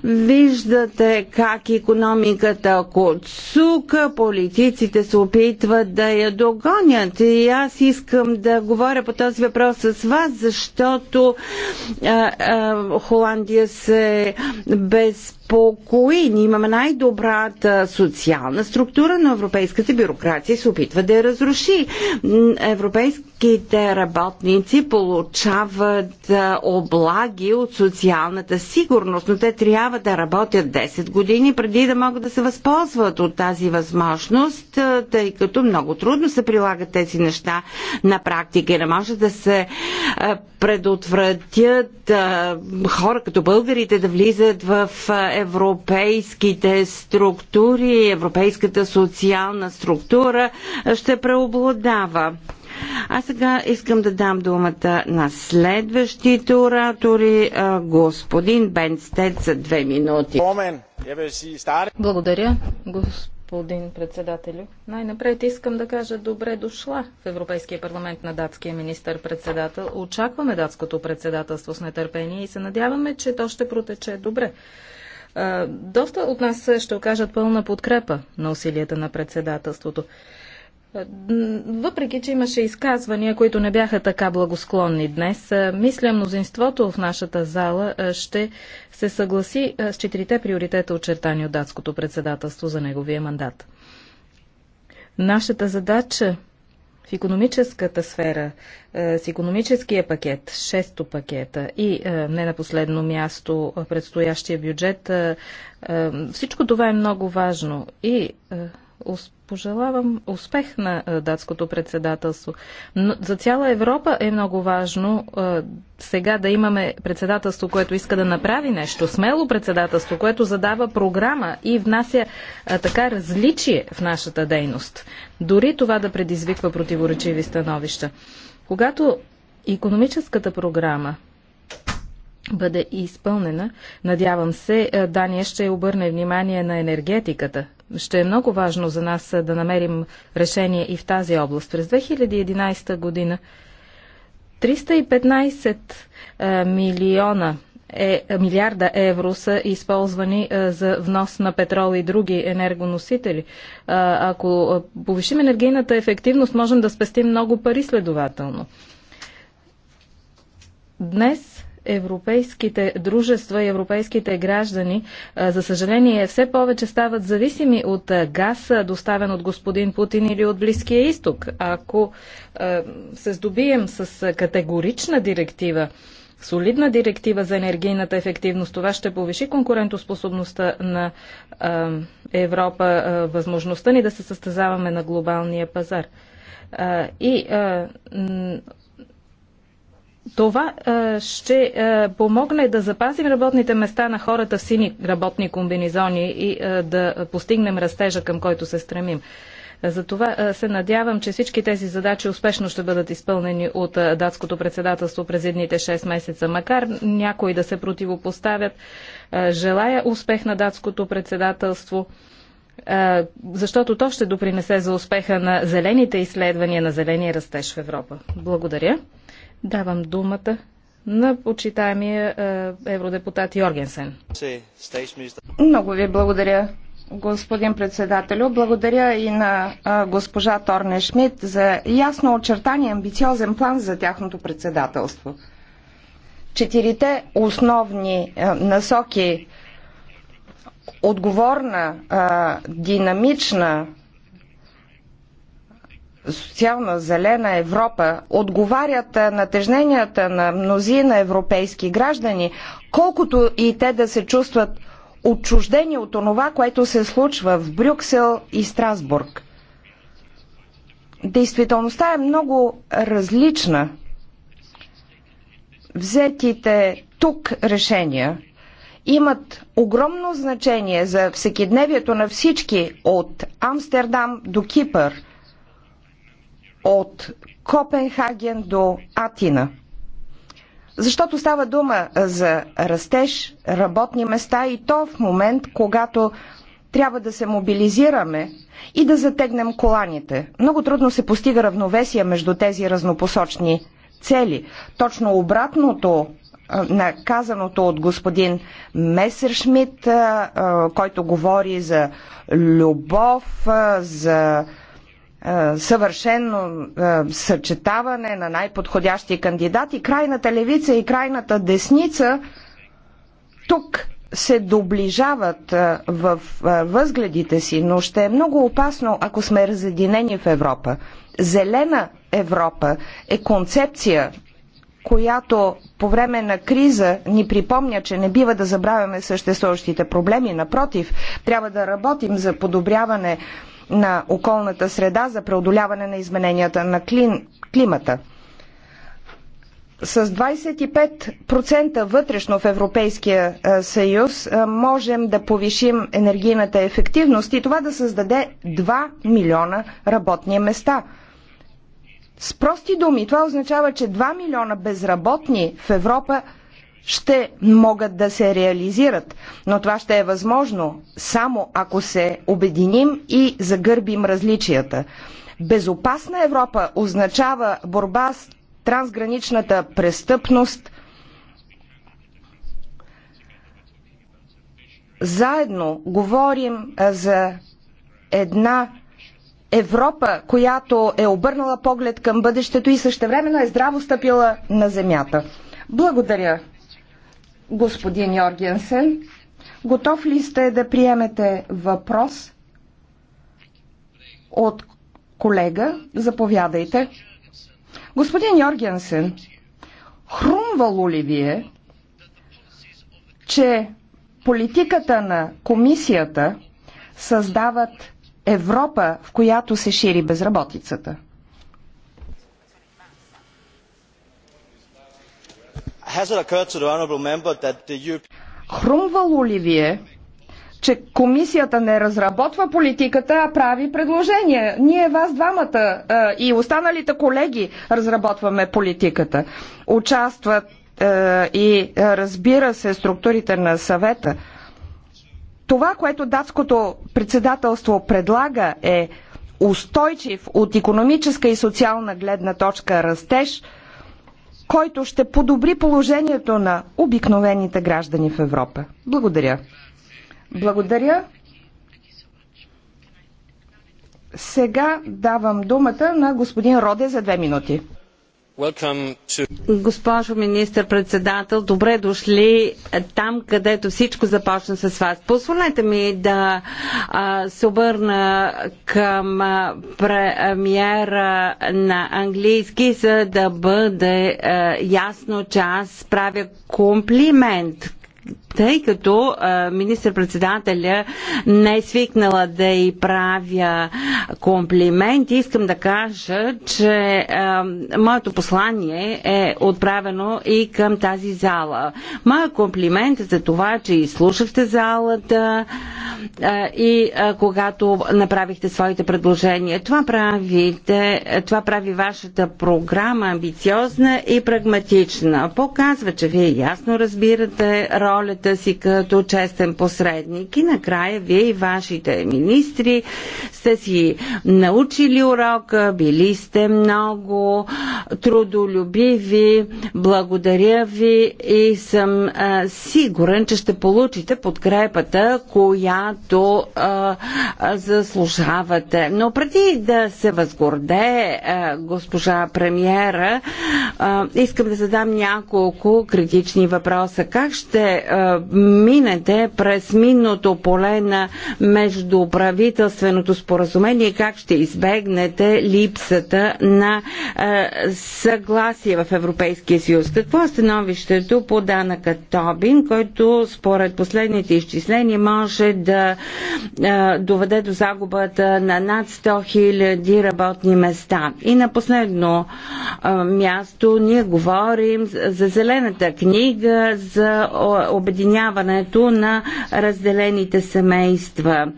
Виждате как как економиката куцука, политиците се опитват да я догонят. И аз искам да говоря по този въпрос с вас, защото а, а, Холандия се безпочва спокоен. Имаме най-добрата социална структура, но европейската бюрокрация се опитва да я разруши. Европейските работници получават облаги от социалната сигурност, но те трябва да работят 10 години преди да могат да се възползват от тази възможност, тъй като много трудно се прилагат тези неща на практика и не може да се предотвратят хора като българите да влизат в европейските структури, европейската социална структура ще преобладава. А сега искам да дам думата на следващите оратори, господин Бенстед за две минути. Благодаря, господин председателю. Най-напред искам да кажа добре дошла в Европейския парламент на датския министър-председател. Очакваме датското председателство с нетърпение и се надяваме, че то ще протече добре. Доста от нас ще окажат пълна подкрепа на усилията на председателството. Въпреки, че имаше изказвания, които не бяха така благосклонни днес, мисля мнозинството в нашата зала ще се съгласи с четирите приоритета, очертани от датското председателство за неговия мандат. Нашата задача в економическата сфера, е, с економическия пакет, шесто пакета и е, не на последно място е, предстоящия бюджет, всичко това е много важно и Пожелавам успех на датското председателство. Но за цяла Европа е много важно сега да имаме председателство, което иска да направи нещо, смело председателство, което задава програма и внася така различие в нашата дейност. Дори това да предизвиква противоречиви становища. Когато економическата програма бъде изпълнена. Надявам се, Дания ще обърне внимание на енергетиката ще е много важно за нас да намерим решение и в тази област. През 2011 година 315 милиона е, милиарда евро са използвани е, за внос на петрол и други енергоносители. ако повишим енергийната ефективност, можем да спестим много пари следователно. Днес европейските дружества и европейските граждани, за съжаление, все повече стават зависими от газ, доставен от господин Путин или от Близкия изток. Ако се здобием с категорична директива, солидна директива за енергийната ефективност. Това ще повиши конкурентоспособността на Европа, възможността ни да се състезаваме на глобалния пазар. И това а, ще а, помогне да запазим работните места на хората в сини работни комбинизони и а, да постигнем растежа, към който се стремим. Затова се надявам, че всички тези задачи успешно ще бъдат изпълнени от датското председателство през едните 6 месеца, макар някои да се противопоставят. Желая успех на датското председателство защото то ще допринесе за успеха на зелените изследвания на зеления растеж в Европа. Благодаря. Давам думата на почитаемия е, евродепутат Йоргенсен. Много ви благодаря, господин председателю. Благодаря и на е, госпожа Торне Шмидт за ясно очертан и амбициозен план за тяхното председателство. Четирите основни е, насоки отговорна, динамична, социална зелена Европа отговарят на тежненията на мнозина европейски граждани, колкото и те да се чувстват отчуждени от онова, което се случва в Брюксел и Страсбург. Действителността е много различна. Взетите тук решения имат огромно значение за всекидневието на всички от Амстердам до Кипър – от Копенхаген до Атина. Защото става дума за растеж, работни места и то в момент, когато трябва да се мобилизираме и да затегнем коланите. Много трудно се постига равновесие между тези разнопосочни цели. Точно обратното на казаното от господин Месершмит, който говори за любов, за е, съвършено е, съчетаване на най-подходящи кандидати, крайната левица и крайната десница тук се доближават е, в възгледите си, но ще е много опасно, ако сме разединени в Европа. Зелена Европа е концепция, която по време на криза ни припомня, че не бива да забравяме съществуващите проблеми. Напротив, трябва да работим за подобряване на околната среда за преодоляване на измененията на клин, климата. С 25% вътрешно в Европейския е, съюз е, можем да повишим енергийната ефективност и това да създаде 2 милиона работни места. С прости думи, това означава, че 2 милиона безработни в Европа – ще могат да се реализират, но това ще е възможно само ако се обединим и загърбим различията. Безопасна Европа означава борба с трансграничната престъпност, заедно говорим за една Европа, която е обърнала поглед към бъдещето и същевременно е здраво стъпила на земята. Благодаря, Господин Йоргенсен, готов ли сте да приемете въпрос от колега? Заповядайте. Господин Йоргенсен, хрумвало ли вие, че политиката на комисията създават Европа, в която се шири безработицата? Хрумвало ли ви е, че комисията не разработва политиката, а прави предложения. Ние вас двамата и останалите колеги разработваме политиката. Участват и разбира се структурите на съвета. Това, което датското председателство предлага е устойчив от економическа и социална гледна точка растеж – който ще подобри положението на обикновените граждани в Европа. Благодаря. Благодаря. Сега давам думата на господин Роде за две минути. Госпожо министър-председател, добре дошли там, където всичко започна с вас. Позволете ми да а, се обърна към премиера на английски, за да бъде а, ясно, че аз правя комплимент тъй като министър-председателя не е свикнала да й правя комплименти, искам да кажа, че а, моето послание е отправено и към тази зала. Моя комплимент е за това, че изслушахте залата а, и а, когато направихте своите предложения. Това, правите, това прави вашата програма амбициозна и прагматична. Показва, че вие ясно разбирате роля ролята си като честен посредник. И накрая вие и вашите министри сте си научили урока, били сте много трудолюбиви. Благодаря ви и съм а, сигурен, че ще получите подкрепата, която а, а, заслужавате. Но преди да се възгорде, а, госпожа премьера, а, искам да задам няколко критични въпроса. Как ще а, минете през минното поле на междуправителственото споразумение, как ще избегнете липсата на а, съгласие в Европейския съюз. Какво е становището по данъка Тобин, който според последните изчисления може да а, доведе до загубата на над 100 000 работни места? И на последно а, място ние говорим за зелената книга, за обединяването на разделените семейства.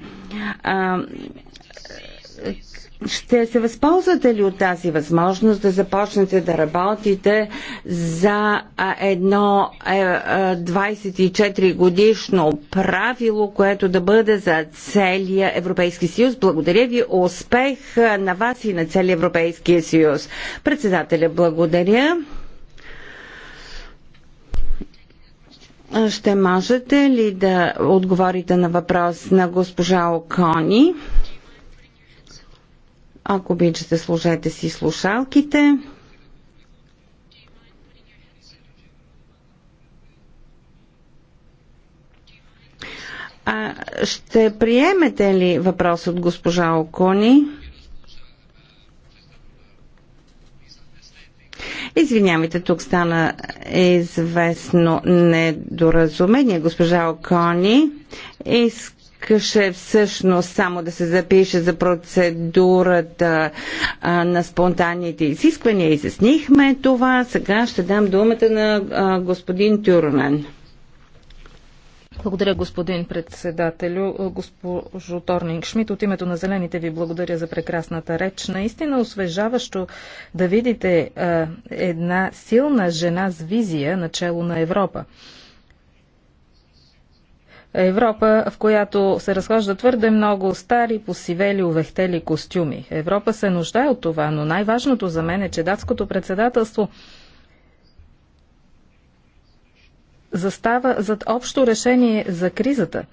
Ще се възползвате ли от тази възможност да започнете да работите за едно 24 е, годишно правило, което да бъде за целия Европейски съюз? Благодаря ви. Успех на вас и на целия Европейския съюз. Председателя, благодаря. Ще можете ли да отговорите на въпрос на госпожа Окони? Ако обичате, служете си слушалките. А, ще приемете ли въпрос от госпожа Окони? Извинявайте, тук стана известно недоразумение. Госпожа Окони искаше всъщност само да се запише за процедурата а, на спонтанните изисквания. Изяснихме това. Сега ще дам думата на а, господин Тюрмен. Благодаря, господин председателю. Госпожо Торнинг Шмидт, от името на Зелените ви благодаря за прекрасната реч. Наистина освежаващо да видите а, е, една силна жена с визия начало на Европа. Европа, в която се разхожда твърде много стари, посивели, увехтели костюми. Европа се нуждае от това, но най-важното за мен е, че датското председателство застава зад общо решение за кризата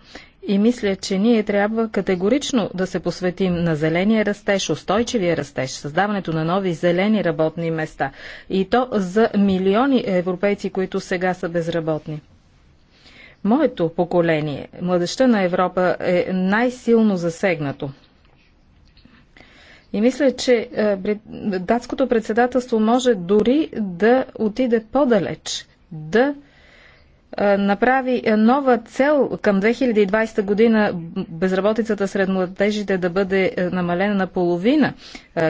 и мисля, че ние трябва категорично да се посветим на зеления растеж, устойчивия растеж, създаването на нови зелени работни места. И то за милиони европейци, които сега са безработни. Моето поколение, младеща на Европа, е най-силно засегнато. И мисля, че е, датското председателство може дори да отиде по-далеч, да направи нова цел към 2020 година безработицата сред младежите да бъде намалена на половина,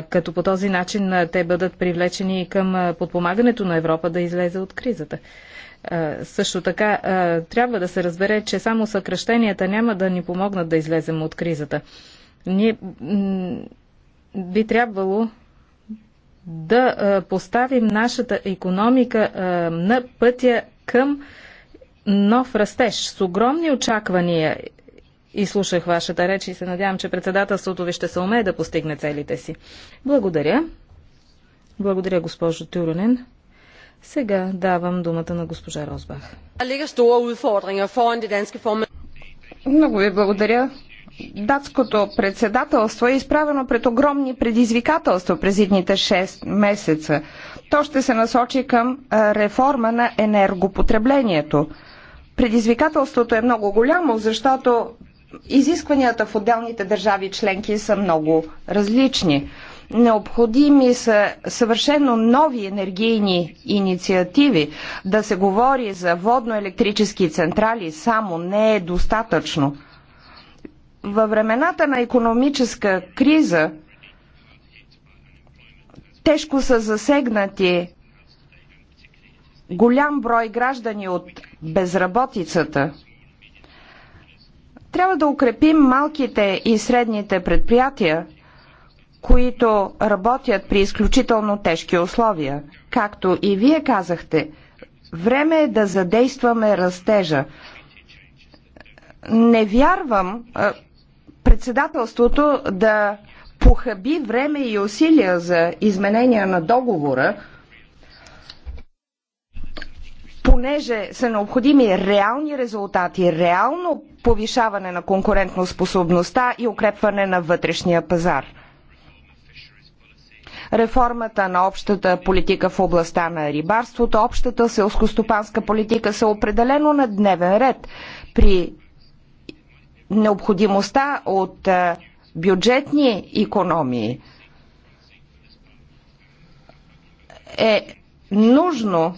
като по този начин те бъдат привлечени към подпомагането на Европа да излезе от кризата. Също така трябва да се разбере, че само съкръщенията няма да ни помогнат да излезем от кризата. Ние би трябвало да поставим нашата економика на пътя към нов растеж с огромни очаквания и слушах вашата реч и се надявам, че председателството ви ще се умее да постигне целите си. Благодаря. Благодаря, госпожо Тюрунен. Сега давам думата на госпожа Розбах. Много ви благодаря. Датското председателство е изправено пред огромни предизвикателства през едните 6 месеца. То ще се насочи към реформа на енергопотреблението – Предизвикателството е много голямо, защото изискванията в отделните държави членки са много различни. Необходими са съвършено нови енергийни инициативи. Да се говори за водно-електрически централи само не е достатъчно. Във времената на економическа криза тежко са засегнати голям брой граждани от безработицата, трябва да укрепим малките и средните предприятия, които работят при изключително тежки условия. Както и вие казахте, време е да задействаме растежа. Не вярвам председателството да похаби време и усилия за изменения на договора, понеже са необходими реални резултати, реално повишаване на конкурентноспособността и укрепване на вътрешния пазар. Реформата на общата политика в областта на рибарството, общата селскостопанска политика са определено на дневен ред при необходимостта от бюджетни економии. Е нужно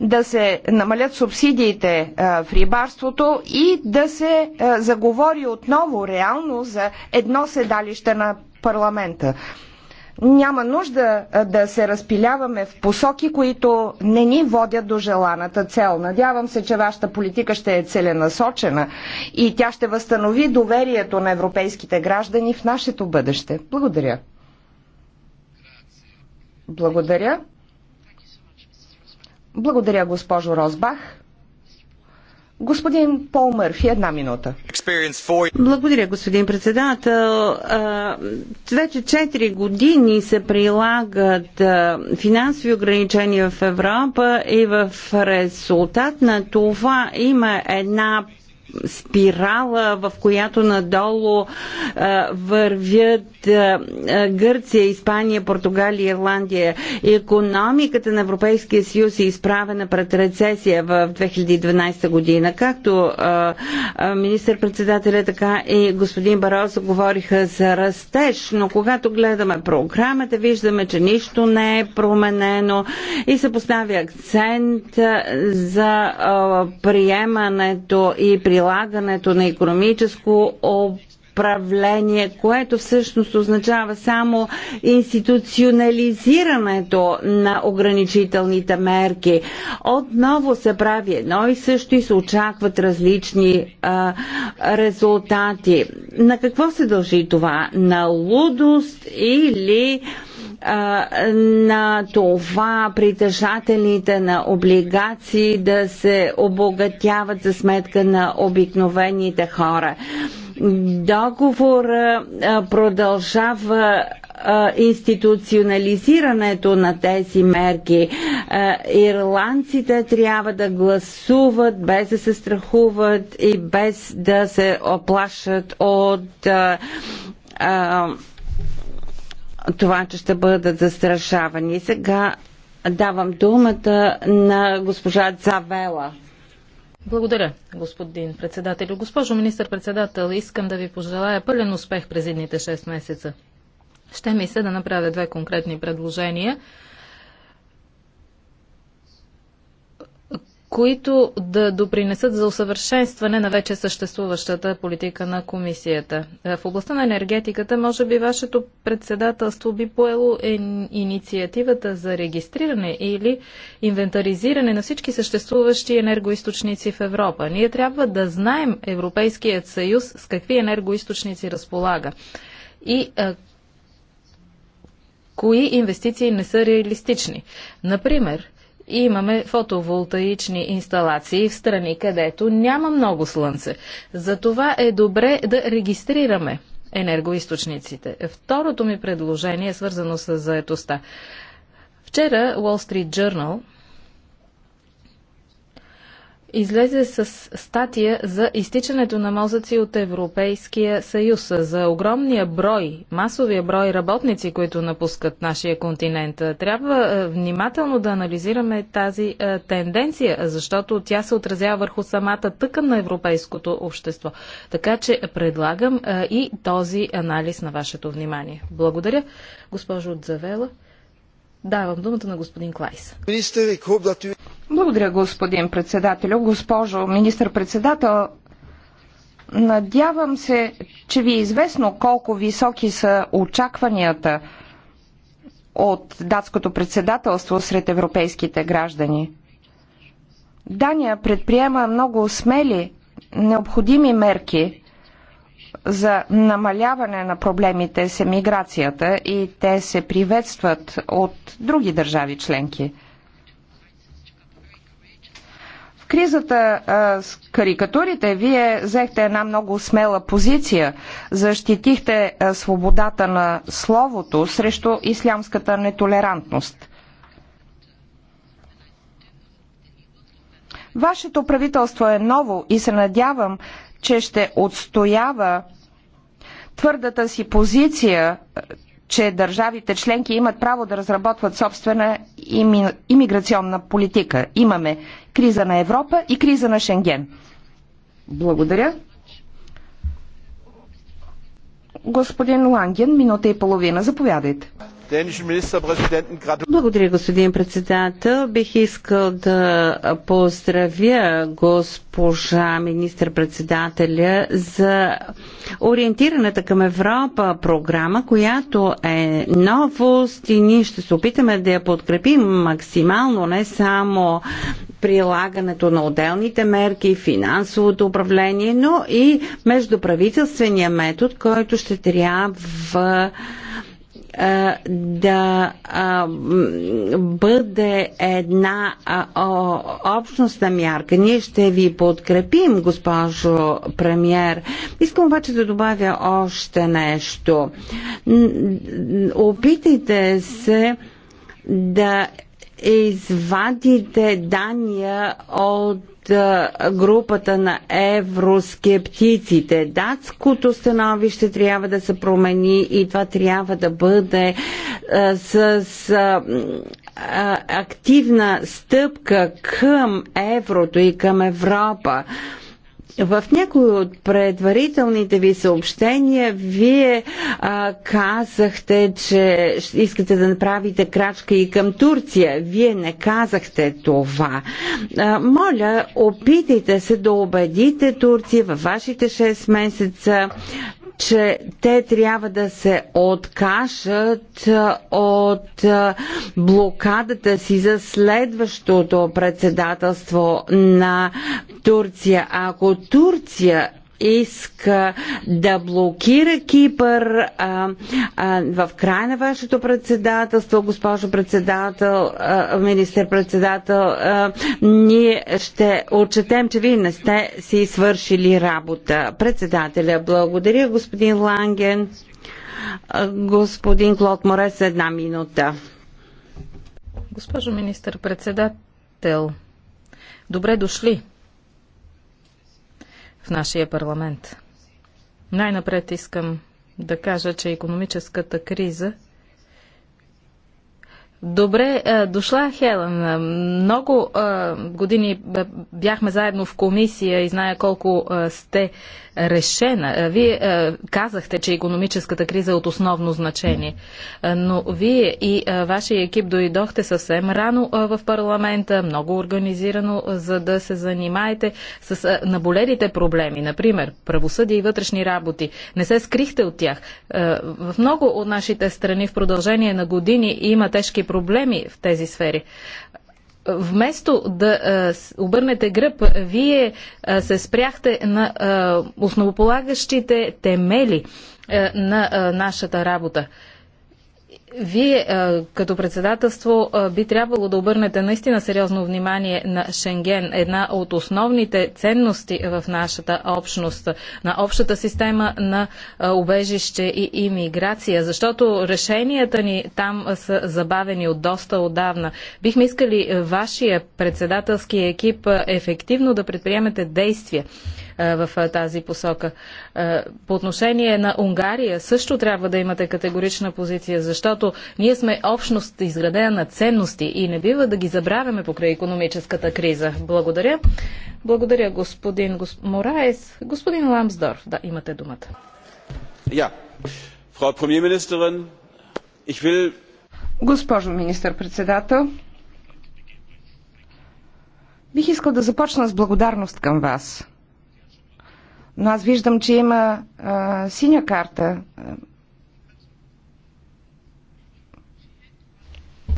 да се намалят субсидиите е, в рибарството и да се е, заговори отново реално за едно седалище на парламента. Няма нужда е, да се разпиляваме в посоки, които не ни водят до желаната цел. Надявам се, че вашата политика ще е целенасочена и тя ще възстанови доверието на европейските граждани в нашето бъдеще. Благодаря. Благодаря. Благодаря, госпожо Розбах. Господин Пол Мърфи, една минута. Благодаря, господин председател. Вече 4 години се прилагат финансови ограничения в Европа и в резултат на това има една спирала, в която надолу а, вървят а, Гърция, Испания, Португалия, Ирландия. Економиката на Европейския съюз е изправена пред рецесия в 2012 година. Както министър-председателя, така и господин Барозо говориха за растеж, но когато гледаме програмата, виждаме, че нищо не е променено и се поставя акцент за а, приемането и при прилагането на економическо управление, което всъщност означава само институционализирането на ограничителните мерки. Отново се прави едно и също и се очакват различни а, резултати. На какво се дължи това? На лудост или а, на това притежателите на облигации да се обогатяват за сметка на обикновените хора. Договор продължава институционализирането на тези мерки. Ирландците трябва да гласуват без да се страхуват и без да се оплашат от това, че ще бъдат застрашавани. Сега давам думата на госпожа Цавела. Благодаря, господин председател. Госпожо министър-председател, искам да ви пожелая пълен успех през едните 6 месеца. Ще ми се да направя две конкретни предложения които да допринесат за усъвършенстване на вече съществуващата политика на комисията. Е, в областта на енергетиката, може би вашето председателство би поело е инициативата за регистриране или инвентаризиране на всички съществуващи енергоисточници в Европа. Ние трябва да знаем Европейският съюз с какви енергоисточници разполага. И е, кои инвестиции не са реалистични. Например, имаме фотоволтаични инсталации в страни, където няма много слънце. Затова е добре да регистрираме енергоисточниците. Второто ми предложение е свързано с заетостта. Вчера Wall Street Journal – излезе с статия за изтичането на мозъци от Европейския съюз, за огромния брой, масовия брой работници, които напускат нашия континент. Трябва е, внимателно да анализираме тази е, тенденция, защото тя се отразява върху самата тъкан на европейското общество. Така че предлагам е, и този анализ на вашето внимание. Благодаря, госпожо Отзавела. Давам думата на господин Клайс. Министър, благодаря, господин председател, Госпожо министр-председател, надявам се, че ви е известно колко високи са очакванията от датското председателство сред европейските граждани. Дания предприема много смели, необходими мерки за намаляване на проблемите с емиграцията и те се приветстват от други държави членки – кризата а, с карикатурите вие взехте една много смела позиция. Защитихте а, свободата на словото срещу ислямската нетолерантност. Вашето правителство е ново и се надявам, че ще отстоява твърдата си позиция, че държавите членки имат право да разработват собствена имиграционна политика. Имаме криза на Европа и криза на Шенген. Благодаря. Господин Ланген, минута и половина, заповядайте. Благодаря, господин председател. Бих искал да поздравя госпожа министр-председателя за ориентираната към Европа програма, която е новост и ние ще се опитаме да я подкрепим максимално, не само прилагането на отделните мерки, финансовото управление, но и междуправителствения метод, който ще трябва да а, бъде една а, о, общностна мярка. Ние ще ви подкрепим, госпожо премьер. Искам обаче да добавя още нещо. Опитайте се да извадите Дания от групата на евроскептиците. Датското становище трябва да се промени и това трябва да бъде с активна стъпка към еврото и към Европа. В някои от предварителните ви съобщения вие а, казахте, че искате да направите крачка и към Турция. Вие не казахте това. А, моля, опитайте се да убедите Турция във вашите 6 месеца че те трябва да се откажат от блокадата си за следващото председателство на Турция. Ако Турция иска да блокира Кипър а, а, в края на вашето председателство, госпожо председател, министър-председател, ние ще отчетем, че вие не сте си свършили работа. Председателя, благодаря, господин Ланген. Господин Клод Морес, една минута. Госпожо министър-председател, добре дошли в нашия парламент. Най-напред искам да кажа, че економическата криза Добре, е, дошла Хелен. Много е, години е, бяхме заедно в комисия и зная колко сте решена. Е, вие е, казахте, че економическата криза е от основно значение, е, но вие и вашия екип дойдохте съвсем рано в парламента, много организирано, за да се занимаете с наболелите проблеми, например правосъдие и вътрешни работи. Не се скрихте от тях. В много от нашите страни в продължение на години има тежки проблеми в тези сфери. Вместо да обърнете гръб, вие се спряхте на основополагащите темели на нашата работа. Вие като председателство би трябвало да обърнете наистина сериозно внимание на Шенген, една от основните ценности в нашата общност, на общата система на убежище и имиграция, защото решенията ни там са забавени от доста отдавна. Бихме искали вашия председателски екип ефективно да предприемете действия в тази посока. По отношение на Унгария също трябва да имате категорична позиция, защото ние сме общност изградена на ценности и не бива да ги забравяме покрай економическата криза. Благодаря. Благодаря господин Мораес. Господин Ламсдорф, да, имате думата. фрау премьер Premierministerin, ich will... Госпожо министър-председател, бих искал да започна с благодарност към вас. Но аз виждам, че има а, синя карта.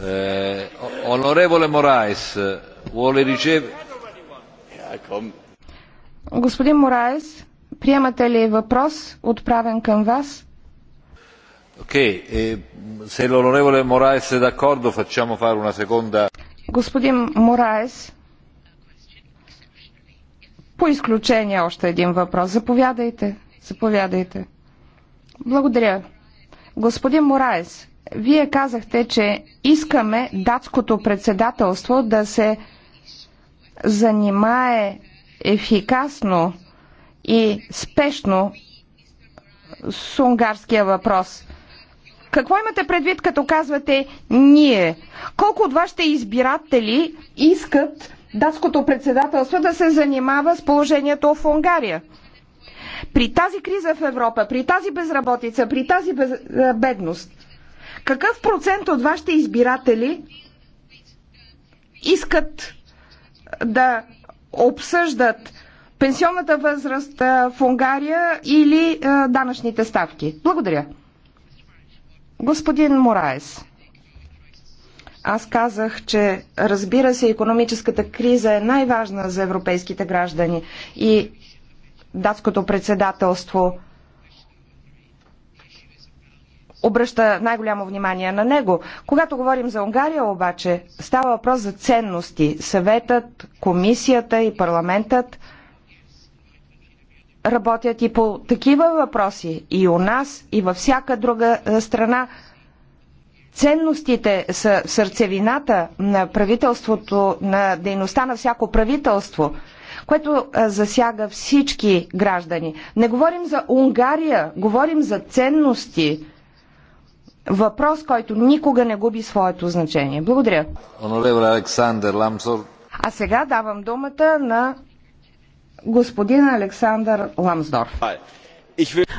Е, онореволе Мораес, е, воле ричев... Господин Мораес, приемате ли въпрос, отправен към вас? Окей, okay. Е, се l'onorevole Moraes è d'accordo facciamo fare una seconda... Господин Мораес, по изключение още един въпрос. Заповядайте. Заповядайте. Благодаря. Господин Мораес, вие казахте, че искаме датското председателство да се занимае ефикасно и спешно с унгарския въпрос. Какво имате предвид, като казвате ние? Колко от вашите избиратели искат датското председателство да се занимава с положението в Унгария. При тази криза в Европа, при тази безработица, при тази без... Е, бедност, какъв процент от вашите избиратели искат да обсъждат пенсионната възраст е, в Унгария или е, данъчните ставки? Благодаря. Господин Мораес. Аз казах, че разбира се, економическата криза е най-важна за европейските граждани и датското председателство обръща най-голямо внимание на него. Когато говорим за Унгария обаче, става въпрос за ценности. Съветът, комисията и парламентът работят и по такива въпроси и у нас, и във всяка друга страна Ценностите са сърцевината на правителството, на дейността на всяко правителство, което засяга всички граждани. Не говорим за Унгария, говорим за ценности. Въпрос, който никога не губи своето значение. Благодаря. А сега давам думата на господин Александър Ламсдорф.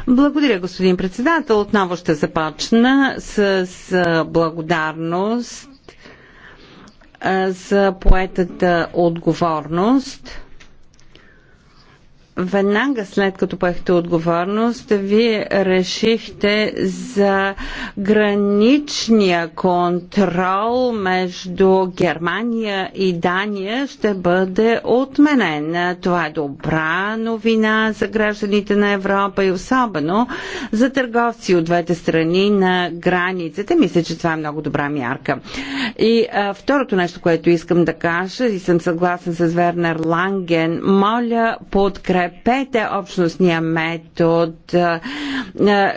Благодаря, господин председател. Отново ще започна с благодарност за поетата отговорност веднага след като поехте отговорност, вие решихте за граничния контрол между Германия и Дания ще бъде отменен. Това е добра новина за гражданите на Европа и особено за търговци от двете страни на границата. Мисля, че това е много добра мярка. И а, второто нещо, което искам да кажа и съм съгласен с Вернер Ланген, моля подкрепя МПП, е общностния метод. Е, е,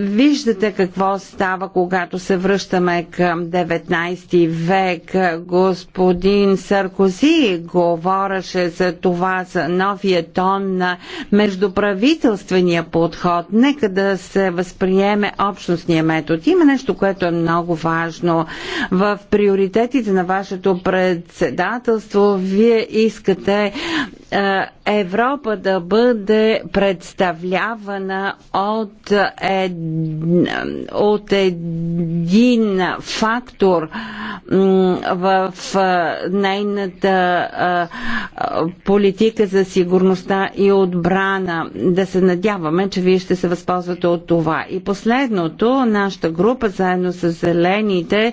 виждате какво става, когато се връщаме към 19 век. Господин Саркози говореше за това, за новия тон на междуправителствения подход. Нека да се възприеме общностния метод. Има нещо, което е много важно. В приоритетите на вашето председателство вие искате е, Европа да бъде представлявана от, е, от един фактор в е, нейната е, политика за сигурността и отбрана. Да се надяваме, че вие ще се възползвате от това. И последното, нашата група, заедно с зелените,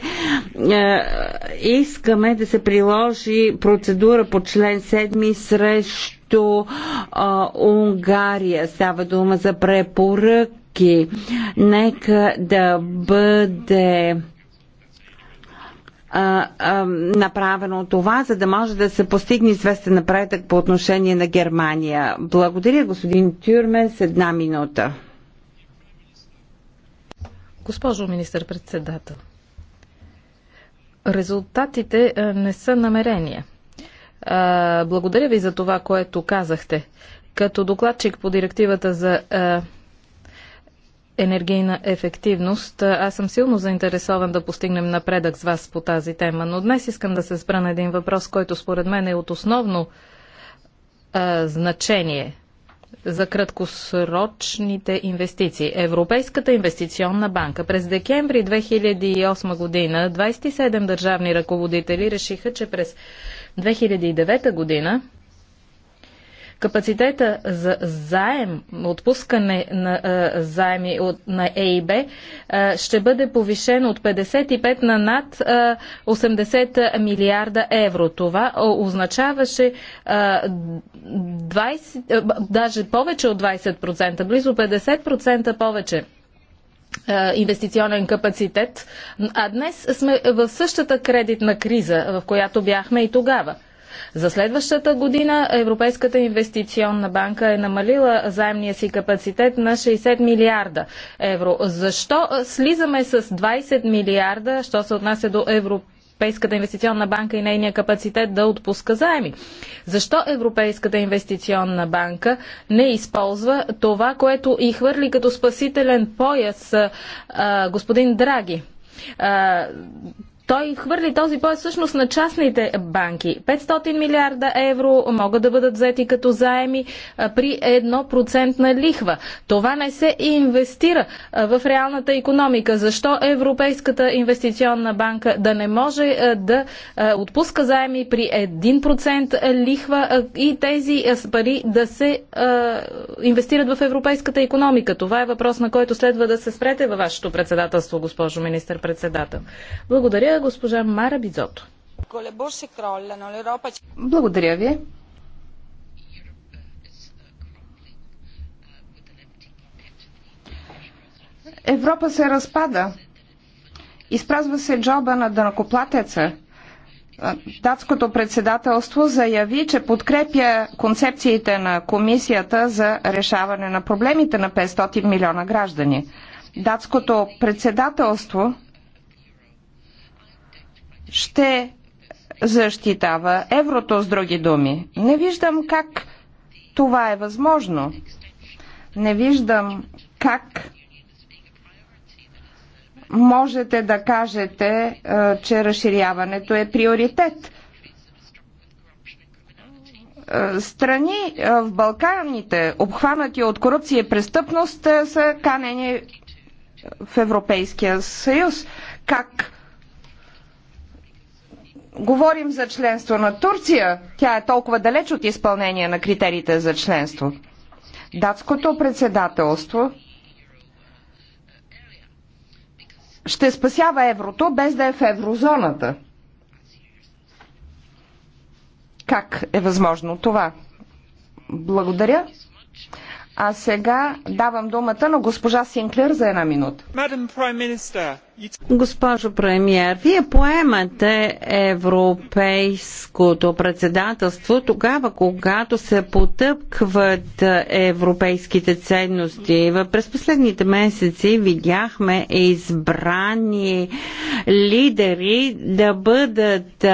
искаме да се приложи процедура по член 7 срещу срещу а, Унгария. Става дума за препоръки. Нека да бъде направено това, за да може да се постигне известен напредък по отношение на Германия. Благодаря, господин Тюрмен, с една минута. Госпожо министър-председател, резултатите не са намерения. А, благодаря ви за това, което казахте. Като докладчик по директивата за а, енергийна ефективност, аз съм силно заинтересован да постигнем напредък с вас по тази тема, но днес искам да се спра на един въпрос, който според мен е от основно а, значение за краткосрочните инвестиции. Европейската инвестиционна банка през декември 2008 година 27 държавни ръководители решиха, че през 2009 година капацитета за заем, отпускане на а, заеми от, на ЕИБ а, ще бъде повишен от 55 на над а, 80 милиарда евро. Това означаваше а, 20, а, даже повече от 20%, близо 50% повече е, инвестиционен капацитет. А днес сме в същата кредитна криза, в която бяхме и тогава. За следващата година Европейската инвестиционна банка е намалила заемния си капацитет на 60 милиарда евро. Защо слизаме с 20 милиарда, що се отнася до Европейската Европейската инвестиционна банка и нейния капацитет да отпуска заеми. Защо Европейската инвестиционна банка не използва това, което и хвърли като спасителен пояс а, господин Драги? А, той хвърли този пояс всъщност на частните банки. 500 милиарда евро могат да бъдат взети като заеми при 1% лихва. Това не се инвестира в реалната економика. Защо Европейската инвестиционна банка да не може да отпуска заеми при 1% лихва и тези пари да се инвестират в европейската економика? Това е въпрос, на който следва да се спрете във вашето председателство, госпожо министър-председател. Благодаря госпожа Мара Бизото. Благодаря ви. Европа се разпада. Изпразва се джоба на дънакоплатеца. Датското председателство заяви, че подкрепя концепциите на комисията за решаване на проблемите на 500 милиона граждани. Датското председателство ще защитава еврото, с други думи. Не виждам как това е възможно. Не виждам как можете да кажете, е, че разширяването е приоритет. Е, страни е, в Балканите, обхванати от корупция и престъпност, са канени в Европейския съюз. Как говорим за членство на Турция, тя е толкова далеч от изпълнение на критериите за членство. Датското председателство ще спасява еврото без да е в еврозоната. Как е възможно това? Благодаря. А сега давам думата на госпожа Синклер за една минута. Госпожо премьер, вие поемате европейското председателство тогава, когато се потъпкват европейските ценности. През последните месеци видяхме избрани лидери да бъдат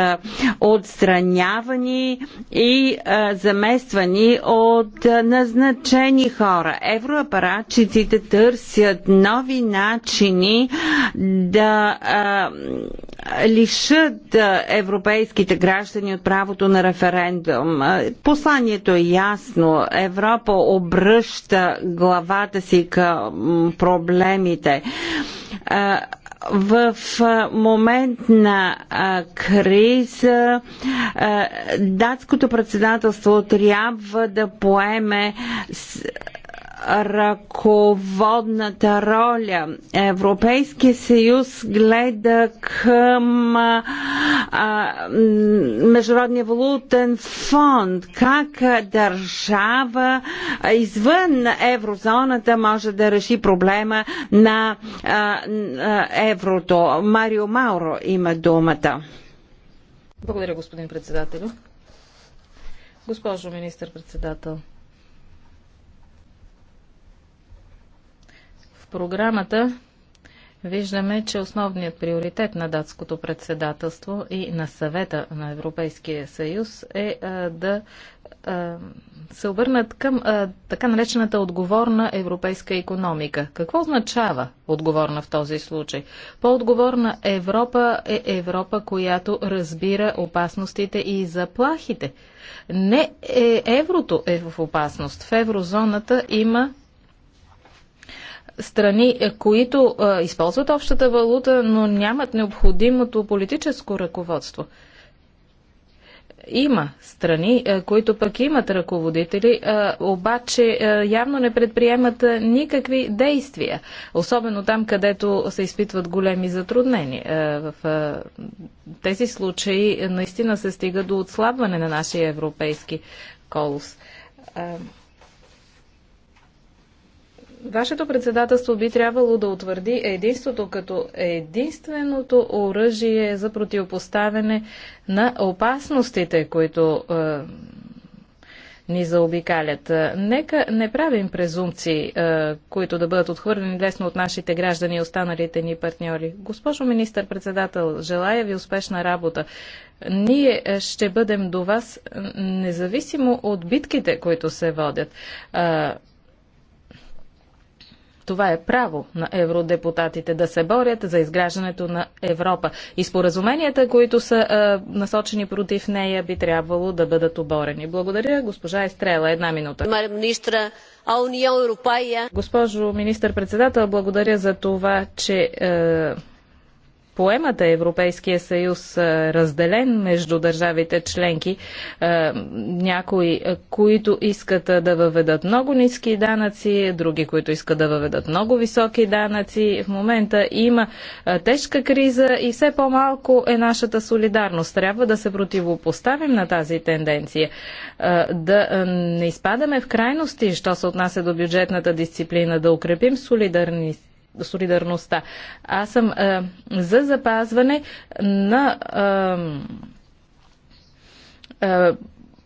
отстранявани и замествани от назначени хора. Евроапаратчиците търсят нови начини да а, лишат европейските граждани от правото на референдум. Посланието е ясно. Европа обръща главата си към проблемите. в момент на криза датското председателство трябва да поеме ръководната роля. Европейския съюз гледа към а, Международния валутен фонд. Как държава извън еврозоната може да реши проблема на а, еврото? Марио Мауро има думата. Благодаря, господин председател. Госпожо министър-председател, програмата виждаме, че основният приоритет на датското председателство и на съвета на Европейския съюз е а, да а, се обърнат към а, така наречената отговорна европейска економика. Какво означава отговорна в този случай? По-отговорна Европа е Европа, която разбира опасностите и заплахите. Не е, еврото е в опасност. В еврозоната има страни, е, които а, е, използват общата валута, но нямат необходимото политическо ръководство. Има страни, а, е, които пък имат ръководители, а, обаче а, явно не предприемат а, никакви действия, особено там, където се изпитват големи затруднения. А, в а, тези случаи наистина се стига до отслабване на нашия европейски колос. А, Вашето председателство би трябвало да утвърди единството като единственото оръжие за противопоставяне на опасностите, които е, ни заобикалят. Нека не правим презумпции, е, които да бъдат отхвърлени лесно от нашите граждани и останалите ни партньори. Госпожо министър-председател, желая ви успешна работа. Ние е, ще бъдем до вас независимо от битките, които се водят. Е, това е право на евродепутатите да се борят за изграждането на Европа. И споразуменията, които са е, насочени против нея, би трябвало да бъдат оборени. Благодаря, госпожа Естрела. Една минута. Госпожо министър-председател, благодаря за това, че е, поемате Европейския съюз разделен между държавите членки, някои, които искат да въведат много ниски данъци, други, които искат да въведат много високи данъци. В момента има тежка криза и все по-малко е нашата солидарност. Трябва да се противопоставим на тази тенденция, да не изпадаме в крайности, що се отнася до бюджетната дисциплина, да укрепим солидарност солидарността. Аз съм а, е, за запазване на а, е, а, е,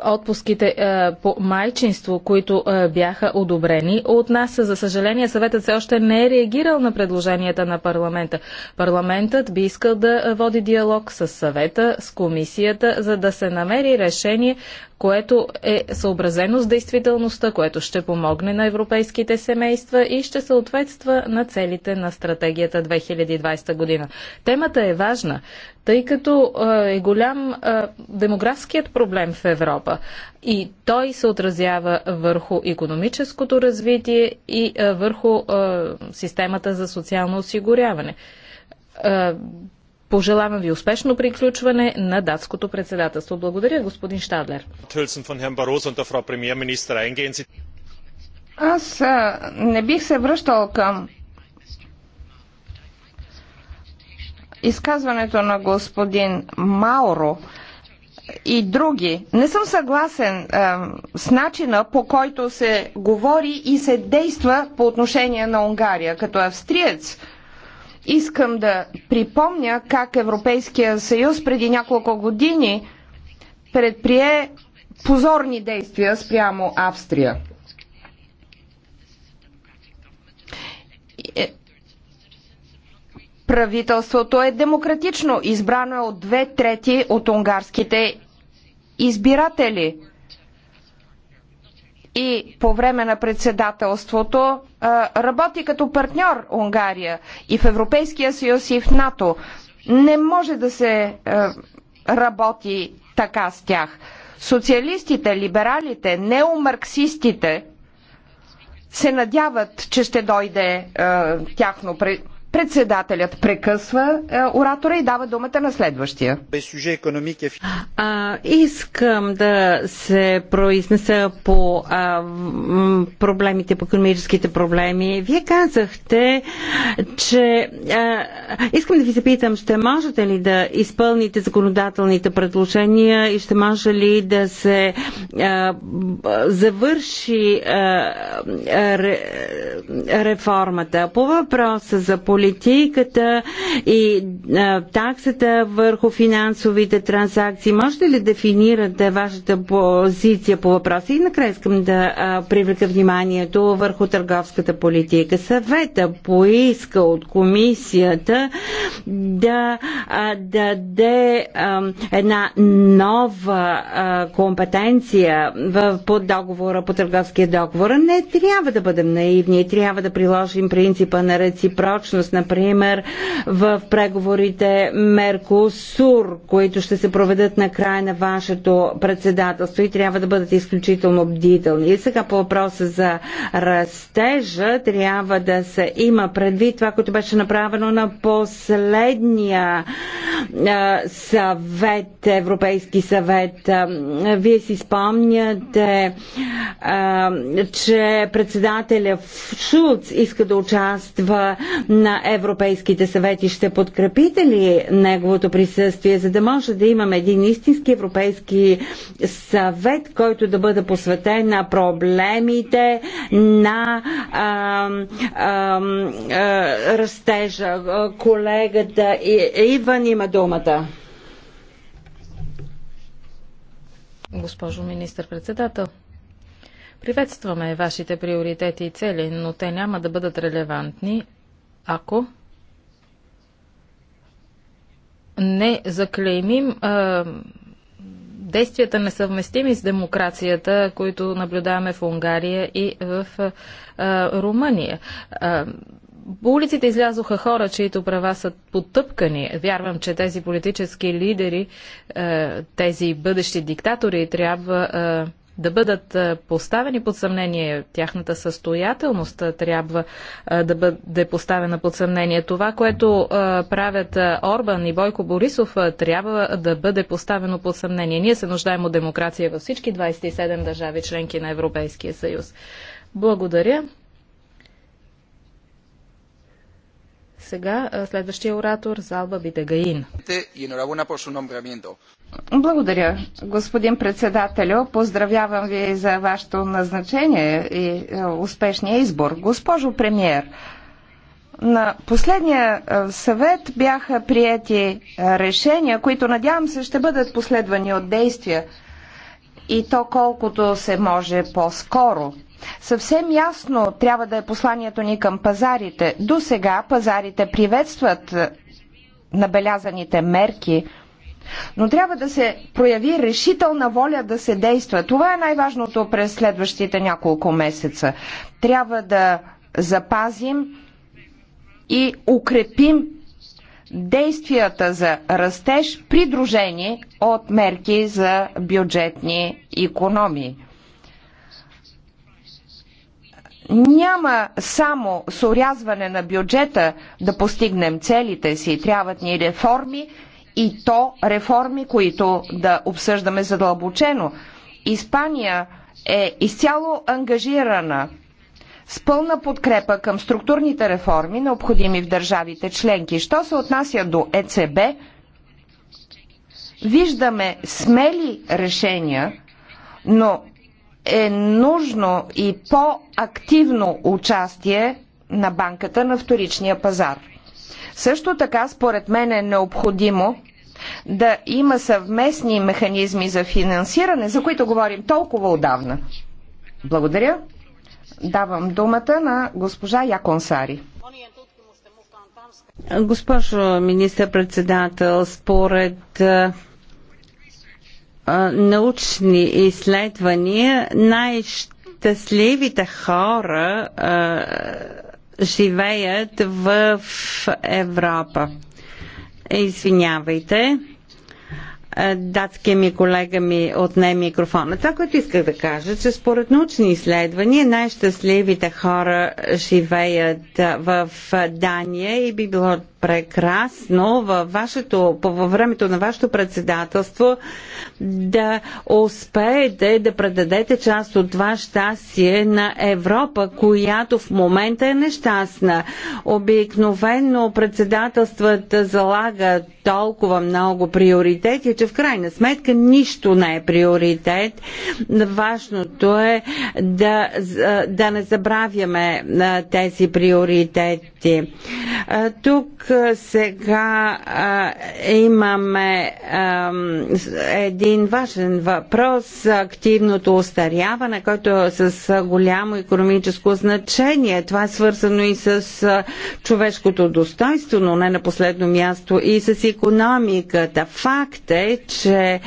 отпуските а, по майчинство, които а, бяха одобрени от нас. За съжаление, съветът все още не е реагирал на предложенията на парламента. Парламентът би искал да води диалог с съвета, с комисията, за да се намери решение което е съобразено с действителността, което ще помогне на европейските семейства и ще съответства на целите на стратегията 2020 година. Темата е важна, тъй като е голям демографският проблем в Европа и той се отразява върху економическото развитие и върху системата за социално осигуряване Пожелавам ви успешно приключване на датското председателство. Благодаря, господин Штадлер. Аз не бих се връщал към изказването на господин Мауро и други. Не съм съгласен е, с начина по който се говори и се действа по отношение на Унгария. Като австриец Искам да припомня как Европейския съюз преди няколко години предприе позорни действия спрямо Австрия. Е, правителството е демократично, избрано е от две трети от унгарските избиратели – и по време на председателството работи като партньор Унгария и в Европейския съюз и в НАТО. Не може да се работи така с тях. Социалистите, либералите, неомарксистите се надяват, че ще дойде е, тяхно Председателят прекъсва е, оратора и дава думата на следващия. Е а, искам да се произнеса по а, проблемите, по економическите проблеми. Вие казахте, че а, искам да ви запитам, ще можете ли да изпълните законодателните предложения и ще може ли да се а, завърши а, ре, реформата по въпроса за политиката политиката и а, таксата върху финансовите транзакции. Можете ли дефинирате вашата позиция по въпроса? И накрая искам да а, привлека вниманието върху търговската политика. Съвета поиска от комисията да даде една нова а, компетенция в, по договора, по търговския договор. Не трябва да бъдем наивни, трябва да приложим принципа на реципрочност например, в преговорите Меркосур, които ще се проведат на края на вашето председателство и трябва да бъдете изключително бдителни. И сега по въпроса за растежа трябва да се има предвид това, което беше направено на последния съвет, Европейски съвет. Вие си спомняте, че председателя Шулц иска да участва на европейските съвети? Ще подкрепите ли неговото присъствие, за да може да имаме един истински европейски съвет, който да бъде посветен на проблемите на а, а, а, растежа? Колегата Иван има думата. Госпожо министър-председател, Приветстваме вашите приоритети и цели, но те няма да бъдат релевантни, ако не заклеймим а, действията несъвместими с демокрацията, които наблюдаваме в Унгария и в а, Румъния. А, по улиците излязоха хора, чието права са потъпкани. Вярвам, че тези политически лидери, тези бъдещи диктатори трябва да бъдат поставени под съмнение, тяхната състоятелност трябва да бъде поставена под съмнение. Това, което правят Орбан и Бойко Борисов, трябва да бъде поставено под съмнение. Ние се нуждаем от демокрация във всички 27 държави членки на Европейския съюз. Благодаря. Сега следващия оратор Залба Бидегаин. Благодаря, господин председателю. Поздравявам ви за вашето назначение и е, успешния избор. Госпожо премьер, на последния е, съвет бяха приети е, решения, които надявам се ще бъдат последвани от действия и то колкото се може по-скоро. Съвсем ясно трябва да е посланието ни към пазарите. До сега пазарите приветстват е, набелязаните мерки, но трябва да се прояви решителна воля да се действа. Това е най-важното през следващите няколко месеца. Трябва да запазим и укрепим действията за растеж, придружени от мерки за бюджетни економии. Няма само с урязване на бюджета да постигнем целите си. Трябват ни реформи и то реформи, които да обсъждаме задълбочено. Испания е изцяло ангажирана с пълна подкрепа към структурните реформи, необходими в държавите членки. Що се отнася до ЕЦБ, виждаме смели решения, но е нужно и по-активно участие на банката на вторичния пазар. Също така, според мен е необходимо да има съвместни механизми за финансиране, за които говорим толкова отдавна. Благодаря. Давам думата на госпожа Яконсари. Госпожо министър-председател, според научни изследвания, най-щастливите хора живеят в Европа. Извинявайте. Датския ми колега ми отне микрофона. Това, което исках да кажа, че според научни изследвания най-щастливите хора живеят в Дания и би било прекрасно във вашето, във времето на вашето председателство да успеете да предадете част от това щастие на Европа, която в момента е нещастна. Обикновено председателствата залагат толкова много приоритети, че в крайна сметка нищо не е приоритет. Важното е да, да не забравяме тези приоритети. Тук сега а, имаме а, един важен въпрос активното остаряване, който е с голямо економическо значение. Това е свързано и с човешкото достоинство, но не на последно място и с економиката. Факт е, че а,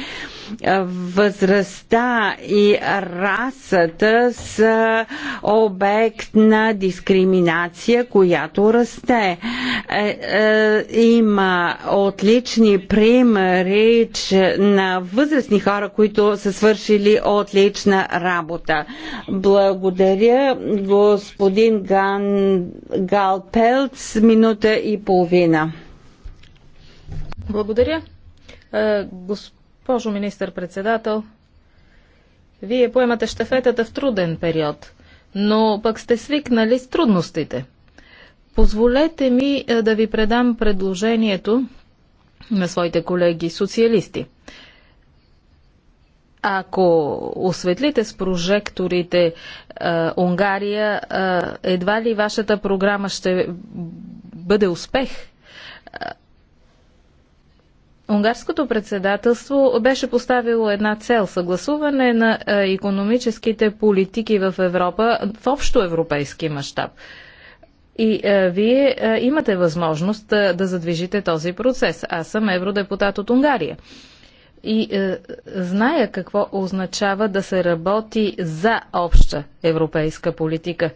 възрастта и расата са обект на дискриминация, която расте. Е, е, има отлични примери на възрастни хора, които са свършили отлична работа. Благодаря господин Ган... Галпелц, минута и половина. Благодаря. Е, господин Госпожо министър-председател, вие поемате щафетата в труден период, но пък сте свикнали с трудностите. Позволете ми е, да ви предам предложението на своите колеги социалисти. Ако осветлите с прожекторите а, е, Унгария, а, е, едва ли вашата програма ще бъде успех? Унгарското председателство беше поставило една цел съгласуване на економическите политики в Европа в общо европейски мащаб. И а, е, вие а, е, имате възможност а, е, да задвижите този процес. Аз съм евродепутат от Унгария. И а, зная какво означава да се работи за обща европейска политика.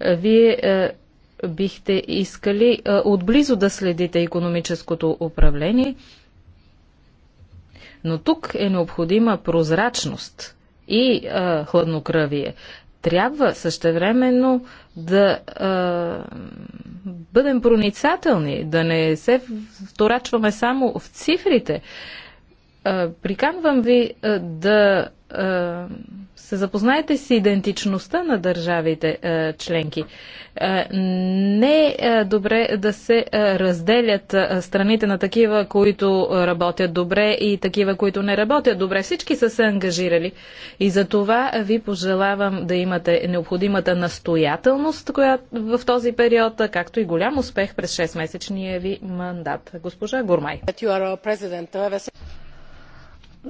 Вие а, бихте искали а, отблизо да следите економическото управление но тук е необходима прозрачност и а, хладнокръвие. Трябва същевременно да а, бъдем проницателни, да не се вторачваме само в цифрите. А, приканвам ви а, да а, се запознаете с идентичността на държавите е, членки. Е, не е добре да се е, разделят е, страните на такива, които работят добре и такива, които не работят добре. Всички са се ангажирали. И за това ви пожелавам да имате необходимата настоятелност която в този период, както и голям успех през 6-месечния ви мандат. Госпожа Гурмай.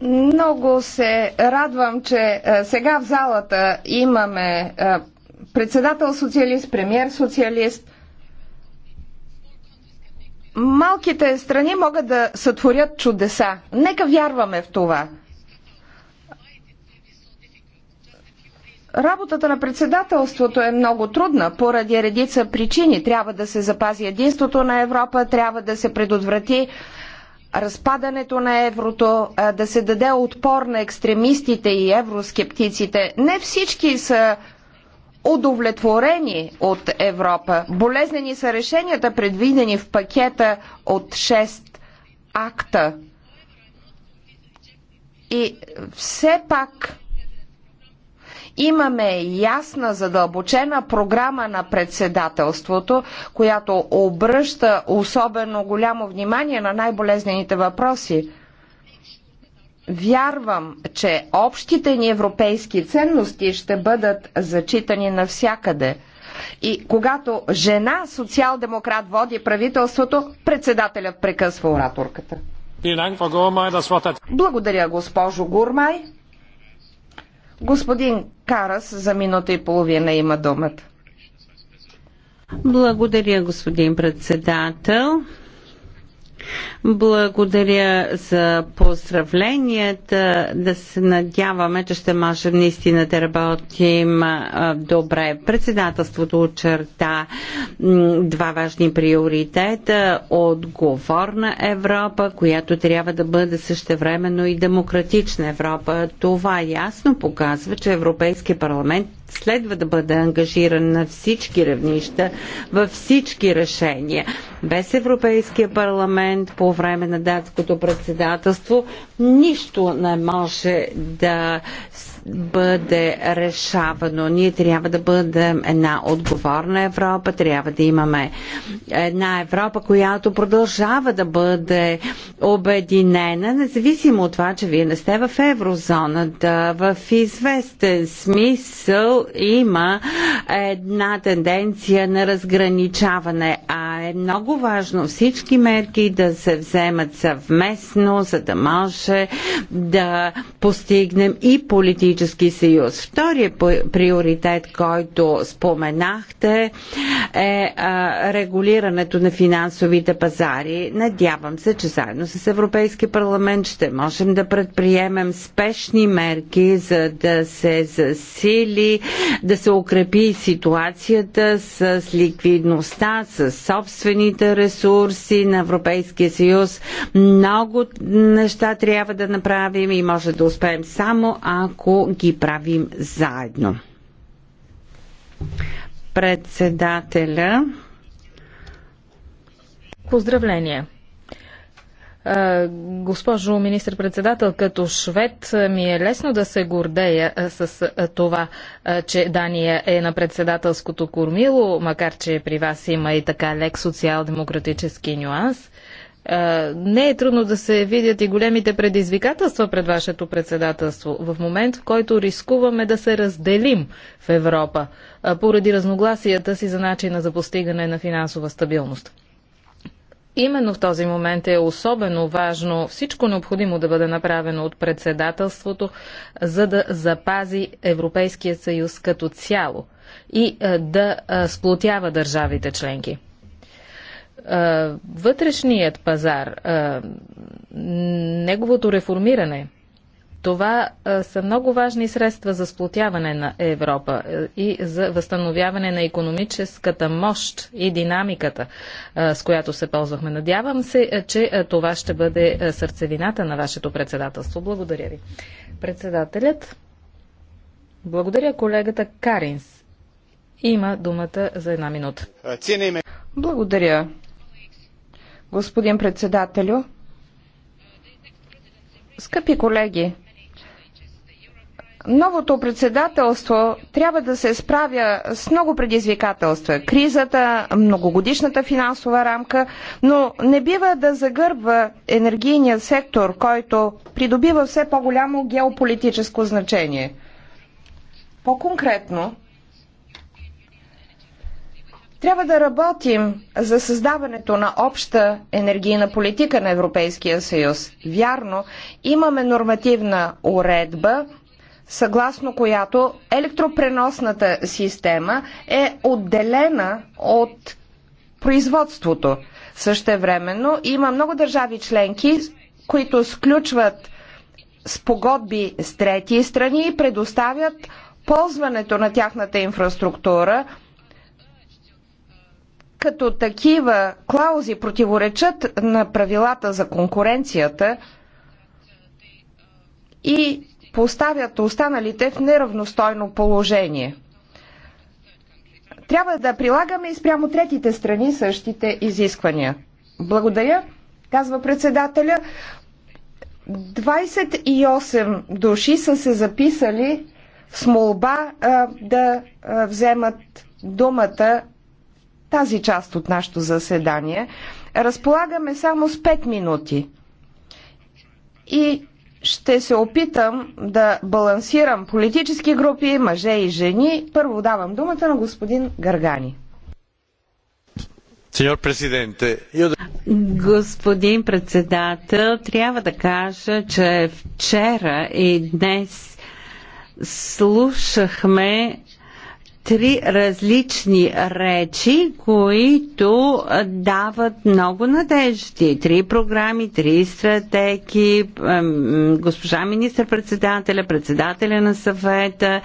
Много се радвам, че е, сега в залата имаме е, председател социалист, премьер социалист. Малките страни могат да сътворят чудеса. Нека вярваме в това. Работата на председателството е много трудна поради редица причини. Трябва да се запази единството на Европа, трябва да се предотврати разпадането на еврото, да се даде отпор на екстремистите и евроскептиците. Не всички са удовлетворени от Европа. Болезнени са решенията, предвидени в пакета от 6 акта. И все пак Имаме ясна, задълбочена програма на председателството, която обръща особено голямо внимание на най-болезнените въпроси. Вярвам, че общите ни европейски ценности ще бъдат зачитани навсякъде. И когато жена социал-демократ води правителството, председателят прекъсва ораторката. Благодаря, госпожо Гурмай. Господин Карас за минута и половина има думата. Благодаря, господин председател. Благодаря за поздравленията. Да се надяваме, че ще можем наистина да работим добре. Председателството очерта два важни приоритета. Отговорна Европа, която трябва да бъде същевременно и демократична Европа. Това ясно показва, че Европейския парламент следва да бъде ангажиран на всички равнища, във всички решения. Без Европейския парламент по време на датското председателство нищо не може да се бъде решавано. Ние трябва да бъдем една отговорна Европа, трябва да имаме една Европа, която продължава да бъде обединена, независимо от това, че вие не сте в еврозоната. В известен смисъл има една тенденция на разграничаване, а е много важно всички мерки да се вземат съвместно, за да може да постигнем и политически политически съюз. Втория приоритет, който споменахте, е регулирането на финансовите пазари. Надявам се, че заедно с Европейски парламент ще можем да предприемем спешни мерки, за да се засили, да се укрепи ситуацията с ликвидността, с собствените ресурси на Европейския съюз. Много неща трябва да направим и може да успеем само ако ги правим заедно. Председателя. Поздравления! Госпожо министр-председател, като швед ми е лесно да се гордея с това, че Дания е на председателското кормило, макар че при вас има и така лек социал-демократически нюанс – не е трудно да се видят и големите предизвикателства пред вашето председателство в момент, в който рискуваме да се разделим в Европа поради разногласията си за начина за постигане на финансова стабилност. Именно в този момент е особено важно всичко необходимо да бъде направено от председателството, за да запази Европейския съюз като цяло и да сплотява държавите членки вътрешният пазар, неговото реформиране, това са много важни средства за сплотяване на Европа и за възстановяване на економическата мощ и динамиката, с която се ползвахме. Надявам се, че това ще бъде сърцевината на вашето председателство. Благодаря ви. Председателят. Благодаря колегата Каринс. Има думата за една минута. Благодаря господин председателю. Скъпи колеги, новото председателство трябва да се справя с много предизвикателства. Кризата, многогодишната финансова рамка, но не бива да загърбва енергийния сектор, който придобива все по-голямо геополитическо значение. По-конкретно, трябва да работим за създаването на обща енергийна политика на Европейския съюз. Вярно, имаме нормативна уредба, съгласно която електропреносната система е отделена от производството. Същевременно има много държави членки, които сключват спогодби с трети страни и предоставят ползването на тяхната инфраструктура – като такива клаузи противоречат на правилата за конкуренцията и поставят останалите в неравностойно положение. Трябва да прилагаме и спрямо третите страни същите изисквания. Благодаря, казва председателя. 28 души са се записали с молба а, да а, вземат думата тази част от нашето заседание. Разполагаме само с 5 минути. И ще се опитам да балансирам политически групи, мъже и жени. Първо давам думата на господин Гаргани. Господин председател, трябва да кажа, че вчера и днес слушахме три различни речи, които дават много надежди. Три програми, три стратеги, госпожа министър-председателя, председателя на съвета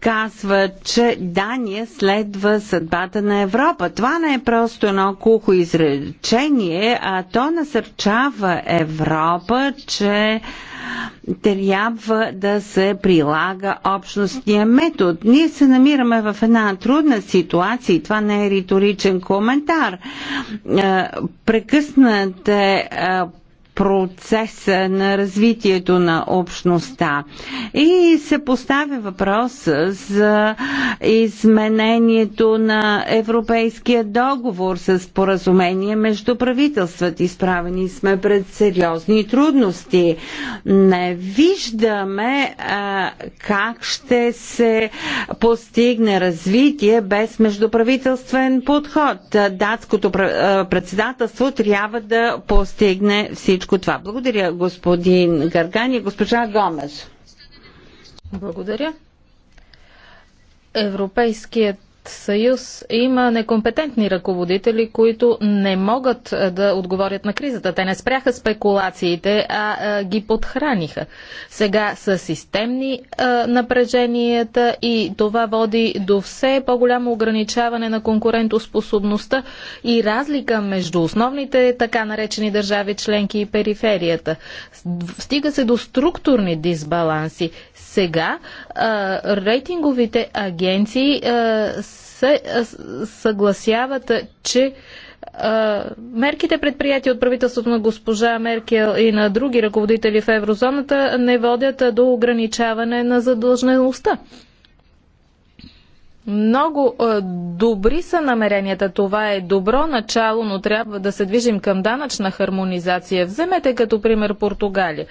казва, че Дания следва съдбата на Европа. Това не е просто едно кухо изречение, а то насърчава Европа, че трябва да се прилага общностния метод. Ние се намираме в една трудна ситуация и това не е риторичен коментар. Е, прекъснат е, е процеса на развитието на общността. И се поставя въпрос за изменението на Европейския договор с поразумение между правителствата. Изправени сме пред сериозни трудности. Не виждаме а, как ще се постигне развитие без междуправителствен подход. Датското председателство трябва да постигне всичко всичко това. Благодаря, господин Гаргани и госпожа Гомес. Благодаря. Европейският съюз има некомпетентни ръководители, които не могат да отговорят на кризата. Те не спряха спекулациите, а, а ги подхраниха. Сега са системни а, напреженията и това води до все по-голямо ограничаване на конкурентоспособността и разлика между основните така наречени държави членки и периферията. Стига се до структурни дисбаланси сега а, рейтинговите агенции а, се а, съгласяват, че мерките предприяти от правителството на госпожа Меркел и на други ръководители в еврозоната не водят до ограничаване на задължеността. Много добри са намеренията. Това е добро начало, но трябва да се движим към данъчна хармонизация. Вземете като пример Португалия.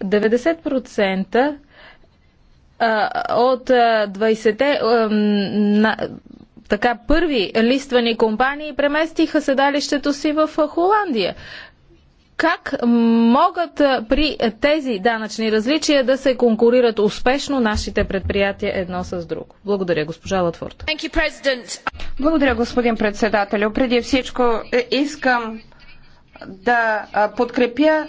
90% от 20-те така първи листвани компании преместиха седалището си в Холандия. Как могат при тези данъчни различия да се конкурират успешно нашите предприятия едно с друго? Благодаря, госпожа Латфорд. Благодаря, господин председател, Преди всичко е, искам да подкрепя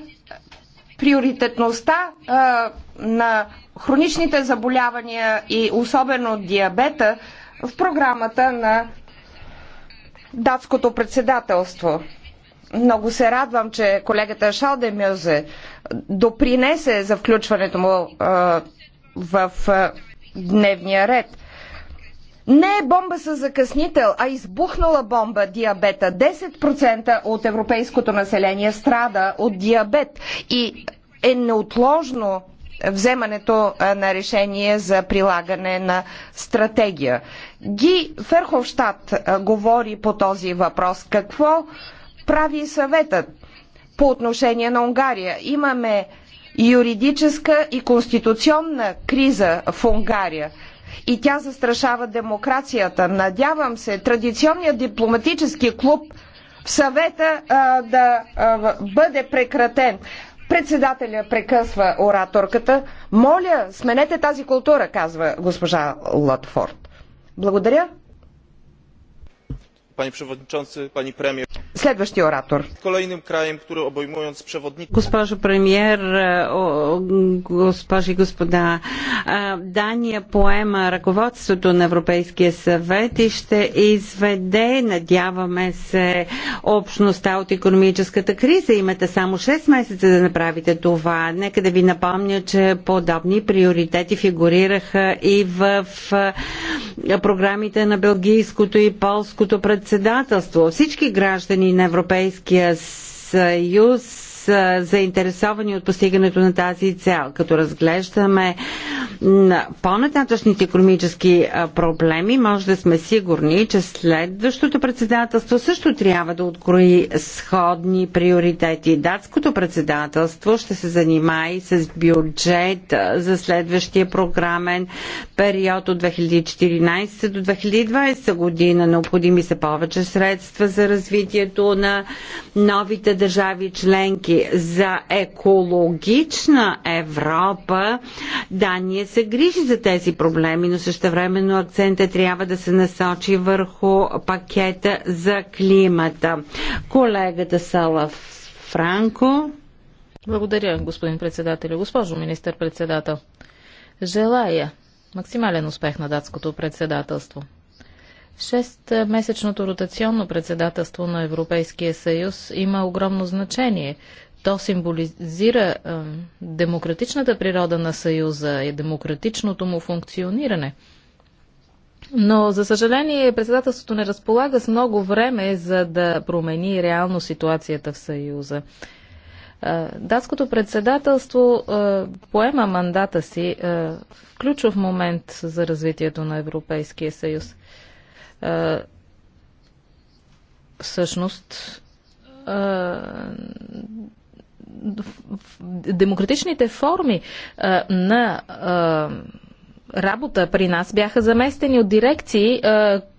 приоритетността а, на хроничните заболявания и особено диабета в програмата на датското председателство. Много се радвам, че колегата Шалдемюзе допринесе за включването му а, в а, дневния ред. Не е бомба с закъснител, а избухнала бомба диабета. 10% от европейското население страда от диабет и е неотложно вземането на решение за прилагане на стратегия. Ги Ферховщад говори по този въпрос. Какво прави съветът по отношение на Унгария? Имаме юридическа и конституционна криза в Унгария и тя застрашава демокрацията. Надявам се традиционният дипломатически клуб в съвета а, да а, бъде прекратен. Председателя прекъсва ораторката. Моля, сменете тази култура, казва госпожа Лотфорд. Благодаря. Пани Преводничонци, пани премиер. Следващия оратор. Госпожо премьер, госпожи и господа, Дания поема ръководството на Европейския съвет и ще изведе, надяваме се, общността от економическата криза. Имате само 6 месеца да направите това. Нека да ви напомня, че подобни приоритети фигурираха и в програмите на белгийското и полското председателство. Всички граждани граждани на Европейския съюз са заинтересовани от постигането на тази цел. Като разглеждаме по-нататъчните економически проблеми, може да сме сигурни, че следващото председателство също трябва да открои сходни приоритети. Датското председателство ще се занима и с бюджет за следващия програмен период от 2014 до 2020 година. Необходими са повече средства за развитието на новите държави членки мерки За екологична Европа Дания се грижи за тези проблеми, но същевременно акцента трябва да се насочи върху пакета за климата. Колегата Сала Франко. Благодаря, господин председател. Госпожо министър-председател, желая максимален успех на датското председателство. Шестмесечното ротационно председателство на Европейския съюз има огромно значение. То символизира е, демократичната природа на Съюза и демократичното му функциониране. Но, за съжаление, председателството не разполага с много време, за да промени реално ситуацията в Съюза. Датското председателство поема мандата си в ключов момент за развитието на Европейския съюз всъщност демократичните форми на работа при нас бяха заместени от дирекции,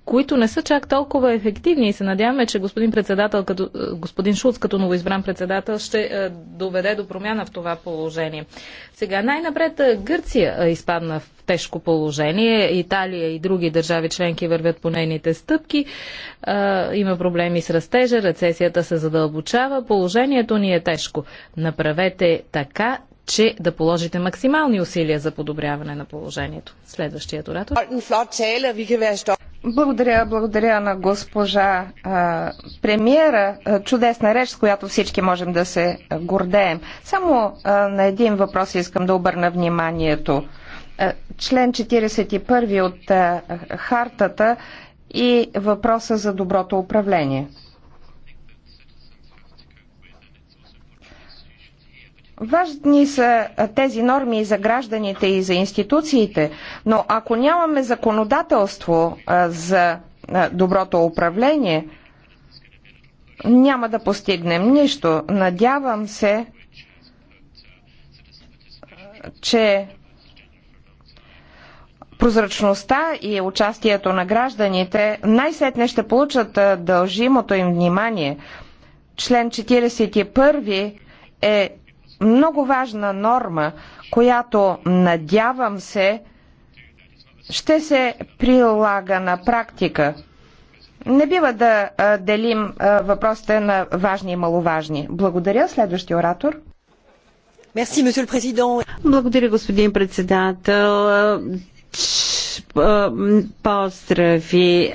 които не са чак толкова ефективни и се надяваме, че господин председател, като, господин Шуц, като новоизбран председател, ще доведе до промяна в това положение. Сега най-напред Гърция изпадна в тежко положение. Италия и други държави членки вървят по нейните стъпки. Има проблеми с растежа, рецесията се задълбочава, положението ни е тежко. Направете така, че да положите максимални усилия за подобряване на положението. Следващият оратор. Благодаря, благодаря на госпожа а, премиера. Чудесна реч, с която всички можем да се гордеем. Само а, на един въпрос искам да обърна вниманието. А, член 41 от а, хартата и въпроса за доброто управление. Важни са тези норми и за гражданите, и за институциите, но ако нямаме законодателство за доброто управление, няма да постигнем нищо. Надявам се, че прозрачността и участието на гражданите най-сетне ще получат дължимото им внимание. Член 41 е много важна норма, която надявам се ще се прилага на практика. Не бива да делим въпросите на важни и маловажни. Благодаря. Следващия оратор. Благодаря, господин председател поздрави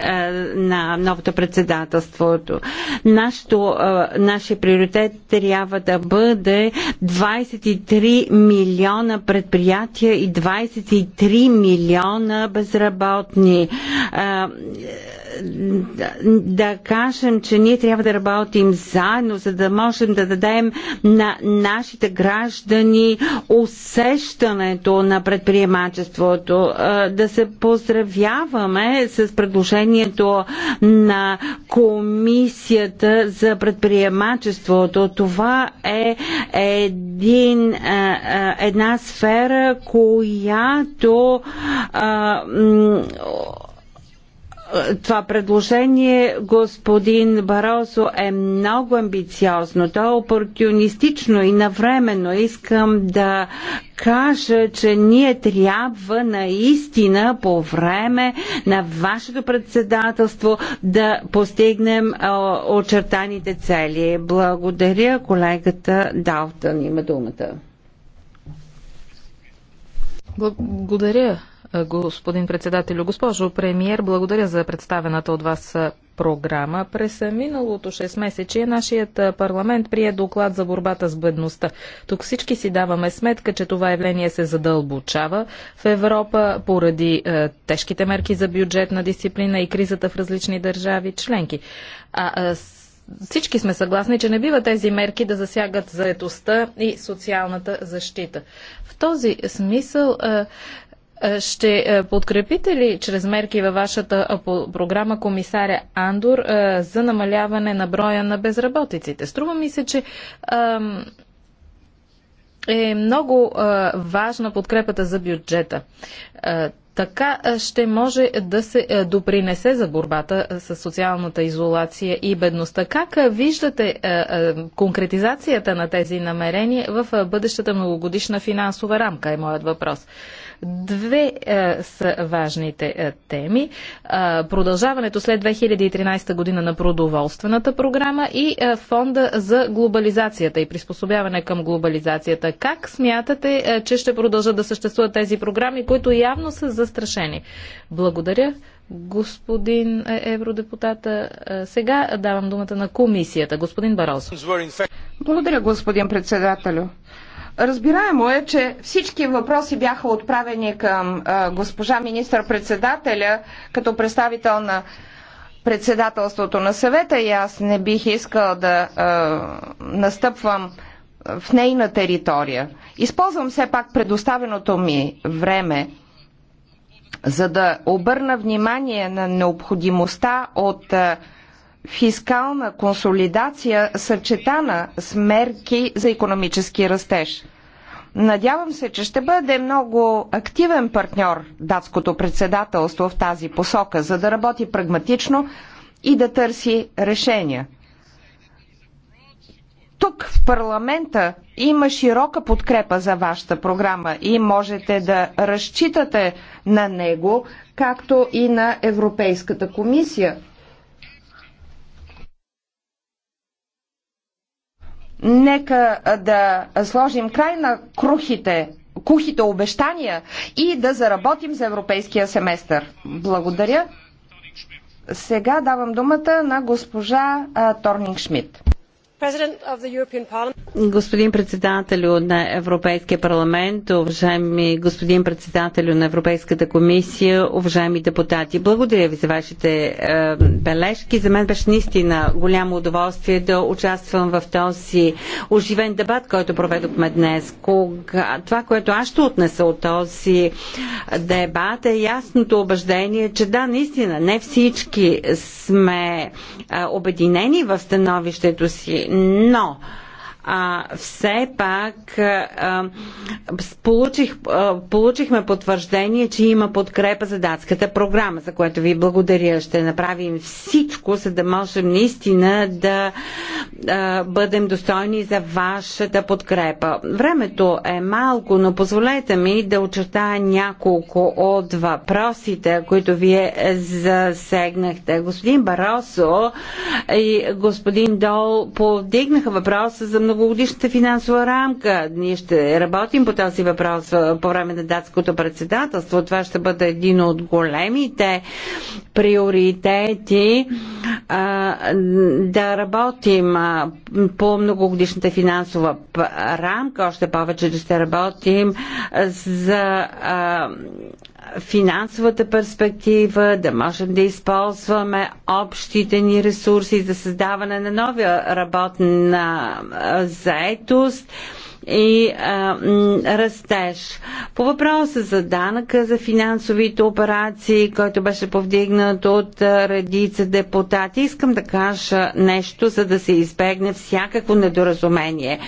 на новото председателството. Нашето, нашия приоритет трябва да бъде 23 милиона предприятия и 23 милиона безработни да кажем, че ние трябва да работим заедно, за да можем да дадем на нашите граждани усещането на предприемачеството, да се поздравяваме с предложението на Комисията за предприемачеството. Това е един, една сфера, която това предложение, господин Баросо, е много амбициозно. То е опортунистично и навременно. Искам да кажа, че ние трябва наистина по време на вашето председателство да постигнем очертаните цели. Благодаря. Колегата Далтън има думата. Благодаря, е, господин председателю. Госпожо премиер, благодаря за представената от вас е, програма. През е, миналото 6 месече нашият парламент прие доклад за борбата с бедността. Тук всички си даваме сметка, че това явление се задълбочава в Европа поради е, тежките мерки за бюджетна дисциплина и кризата в различни държави членки. А, е, всички сме съгласни, че не бива тези мерки да засягат заетостта и социалната защита. В този смисъл е, ще е, подкрепите ли чрез мерки във вашата е, програма комисаря Андор за намаляване на броя на безработиците? Струва ми се, че е много важна подкрепата за бюджета. Така ще може да се допринесе за борбата с социалната изолация и бедността. Как виждате конкретизацията на тези намерения в бъдещата многогодишна финансова рамка е моят въпрос. Две а, е, са важните а, е, теми. А, е, продължаването след 2013 година на продоволствената програма и а, фонда за глобализацията и приспособяване към глобализацията. Как смятате, а, че ще продължат да съществуват тези програми, които явно са застрашени? Благодаря господин евродепутата. Сега давам думата на комисията. Господин Барозо. Благодаря, господин председателю. Разбираемо е, че всички въпроси бяха отправени към а, госпожа министър-председателя като представител на председателството на съвета и аз не бих искал да а, настъпвам в нейна територия. Използвам все пак предоставеното ми време, за да обърна внимание на необходимостта от а, фискална консолидация, съчетана с мерки за економически растеж. Надявам се, че ще бъде много активен партньор датското председателство в тази посока, за да работи прагматично и да търси решения. Тук в парламента има широка подкрепа за вашата програма и можете да разчитате на него, както и на Европейската комисия Нека да сложим край на крухите, кухите обещания и да заработим за европейския семестър. Благодаря. Сега давам думата на госпожа Торнинг Шмидт. Господин председателю на Европейския парламент, уважаеми господин председателю на Европейската комисия, уважаеми депутати, благодаря ви за вашите е, бележки. За мен беше наистина голямо удоволствие да участвам в този оживен дебат, който проведохме днес. Кога, това, което аз ще отнеса от този дебат е ясното убеждение, че да, наистина, не всички сме е, обединени в становището си но а, все пак а, получих, а, получихме потвърждение, че има подкрепа за датската програма, за което ви благодаря. Ще направим всичко, за да можем наистина да а, бъдем достойни за вашата подкрепа. Времето е малко, но позволете ми да очертая няколко от въпросите, които вие засегнахте. Господин Баросо и господин Дол повдигнаха въпроса за много многогодишната финансова рамка. Ние ще работим по този въпрос по време на датското председателство. Това ще бъде един от големите приоритети а, да работим а, по многогодишната финансова рамка. Още повече, да ще работим за а, финансовата перспектива, да можем да използваме общите ни ресурси за създаване на новия работна заетост и а, растеж. По въпроса за данъка за финансовите операции, който беше повдигнат от редица депутати, искам да кажа нещо, за да се избегне всякакво недоразумение.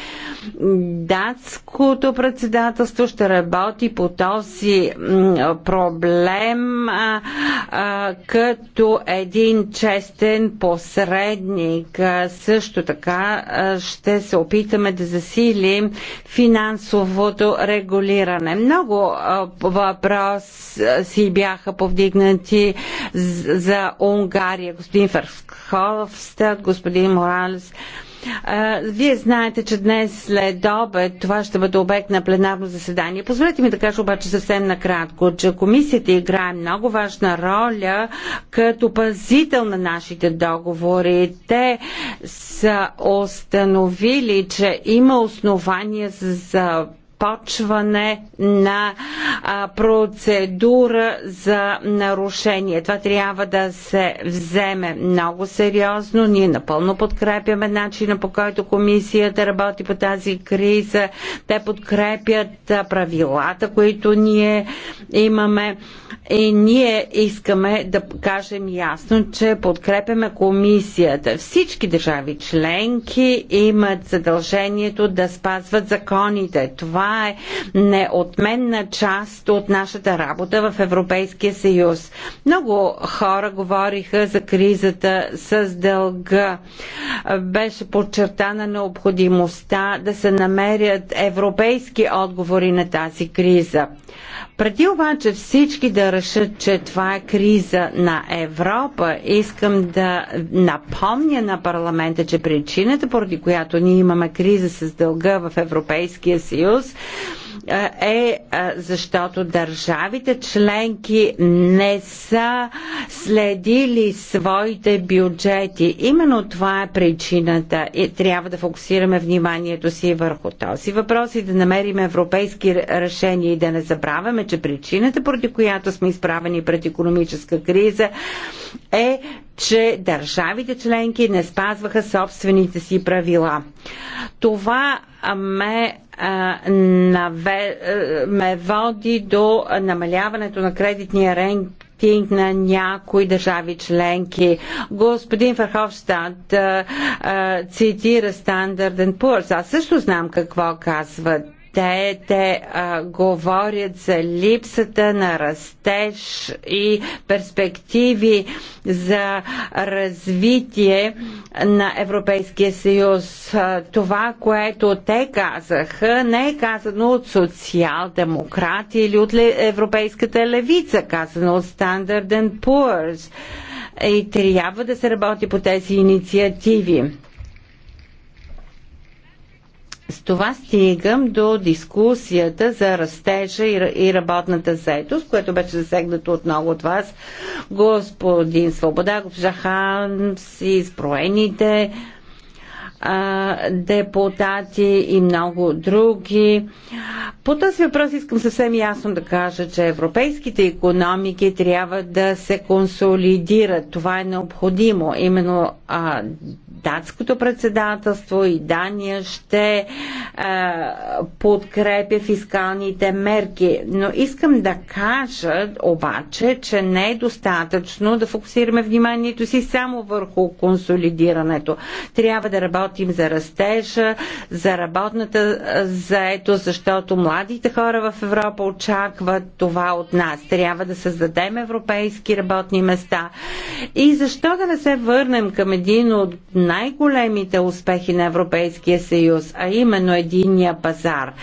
Датското председателство ще работи по този проблем а, а, като един честен посредник. А, също така а, ще се опитаме да засилим финансовото регулиране. Много въпроси бяха повдигнати за Унгария. Господин Ферховстът, господин Моралес. Вие знаете, че днес след обед това ще бъде обект на пленарно заседание. Позволете ми да кажа обаче съвсем накратко, че комисията играе много важна роля като пазител на нашите договори. Те са установили, че има основания за започване на процедура за нарушение. Това трябва да се вземе много сериозно. Ние напълно подкрепяме начина по който комисията работи по тази криза. Те подкрепят правилата, които ние имаме и е, ние искаме да кажем ясно, че подкрепяме комисията. Всички държави членки имат задължението да спазват законите. Това е неотменна част от нашата работа в Европейския съюз. Много хора говориха за кризата с дълга. Беше подчертана необходимостта да се намерят европейски отговори на тази криза. Преди обаче всички да решат, че това е криза на Европа. Искам да напомня на парламента, че причината, поради която ние имаме криза с дълга в Европейския съюз, е, е защото държавите членки не са следили своите бюджети. Именно това е причината и трябва да фокусираме вниманието си върху този въпрос и да намерим европейски решения и да не забравяме, че причината, поради която сме изправени пред економическа криза, е, че държавите членки не спазваха собствените си правила. Това ме, наве, ме води до намаляването на кредитния рейтинг рейтинг на някои държави членки. Господин Ферховстад цитира Standard Poor's. Аз също знам какво казват те, те а, говорят за липсата на растеж и перспективи за развитие на Европейския съюз. Това, което те казаха, не е казано от социал-демократи или от европейската левица, казано от Standard Poor's. И трябва да се работи по тези инициативи. С това стигам до дискусията за растежа и работната заетост, което беше засегнато от много от вас. Господин Свобода, госпожа Ханс, изброените депутати и много други. По този въпрос искам съвсем ясно да кажа, че европейските економики трябва да се консолидират. Това е необходимо. Именно а, датското председателство и Дания ще е, подкрепя фискалните мерки. Но искам да кажа обаче, че не е достатъчно да фокусираме вниманието си само върху консолидирането. Трябва да работим за растежа, за работната е, заето, защото младите хора в Европа очакват това от нас. Трябва да създадем европейски работни места. И защо да не се върнем към един от най-големите успехи на Европейския съюз, а именно единния пазар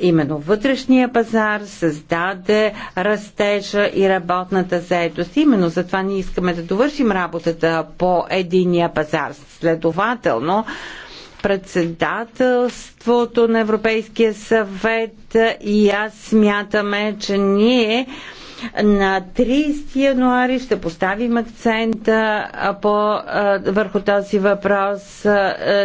именно вътрешния пазар създаде растежа и работната заетост. Именно затова ние искаме да довършим работата по единия пазар. Следователно, председателството на Европейския съвет и аз смятаме, че ние на 30 януари ще поставим акцента по, върху този въпрос.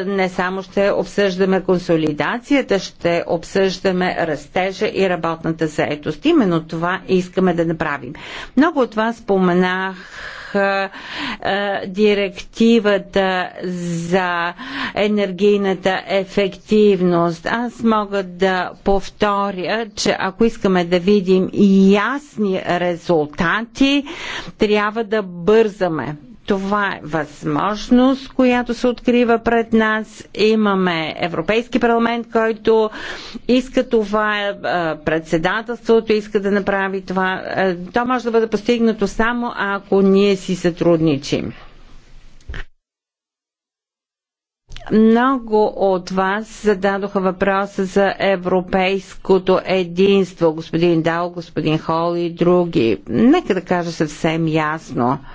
Не само ще обсъждаме консолидацията, ще обсъждаме растежа и работната заетост. Именно това искаме да направим. Много от вас споменах директивата за енергийната ефективност. Аз мога да повторя, че ако искаме да видим ясни резултати, трябва да бързаме. Това е възможност, която се открива пред нас. Имаме Европейски парламент, който иска това, е, е, председателството иска да направи това. Е, то може да бъде постигнато само ако ние си сътрудничим. Много от вас зададоха въпроса за европейското единство, господин Дал, господин Хол и други. Нека да кажа съвсем ясно –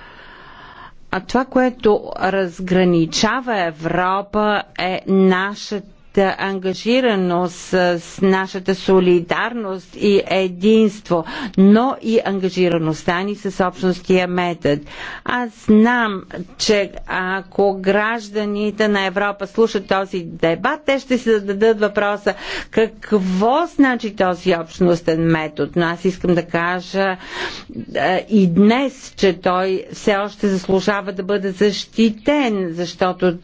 а това, което разграничава Европа е нашата ангажираност с нашата солидарност и единство, но и ангажираността ни с общностия метод. Аз знам, че ако гражданите на Европа слушат този дебат, те ще се зададат въпроса какво значи този общностен метод. Но аз искам да кажа е, и днес, че той все още заслужава да бъде защитен, защото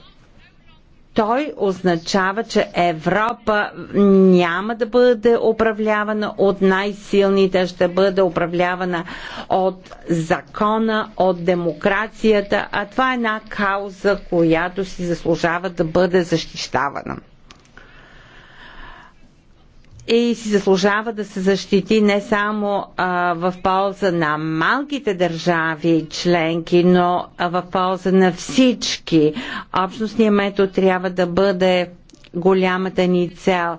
той означава, че Европа няма да бъде управлявана от най-силните, ще бъде управлявана от закона, от демокрацията, а това е една кауза, която си заслужава да бъде защищавана и си заслужава да се защити не само а, в полза на малките държави членки, но а, в полза на всички. Общностният метод трябва да бъде голямата ни цел.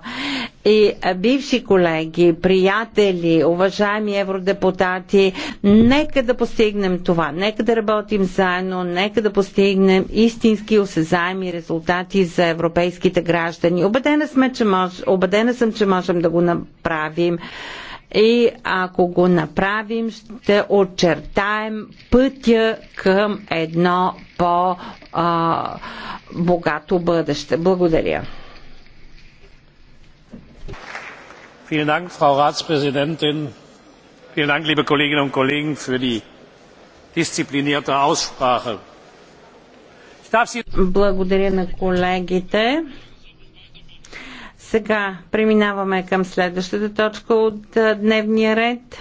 И бивши колеги, приятели, уважаеми евродепутати, нека да постигнем това, нека да работим заедно, нека да постигнем истински осезаеми резултати за европейските граждани. Обедена, сме, че мож, обедена съм, че можем да го направим и ако го направим, ще очертаем пътя към едно по-богато бъдеще. Благодаря. vielen dank frau ratspräsidentin vielen dank liebe kolleginnen und kollegen für die disziplinierte aussprache! Благодаря на колегите. Сега преминаваме към следващата точка от дневния ред.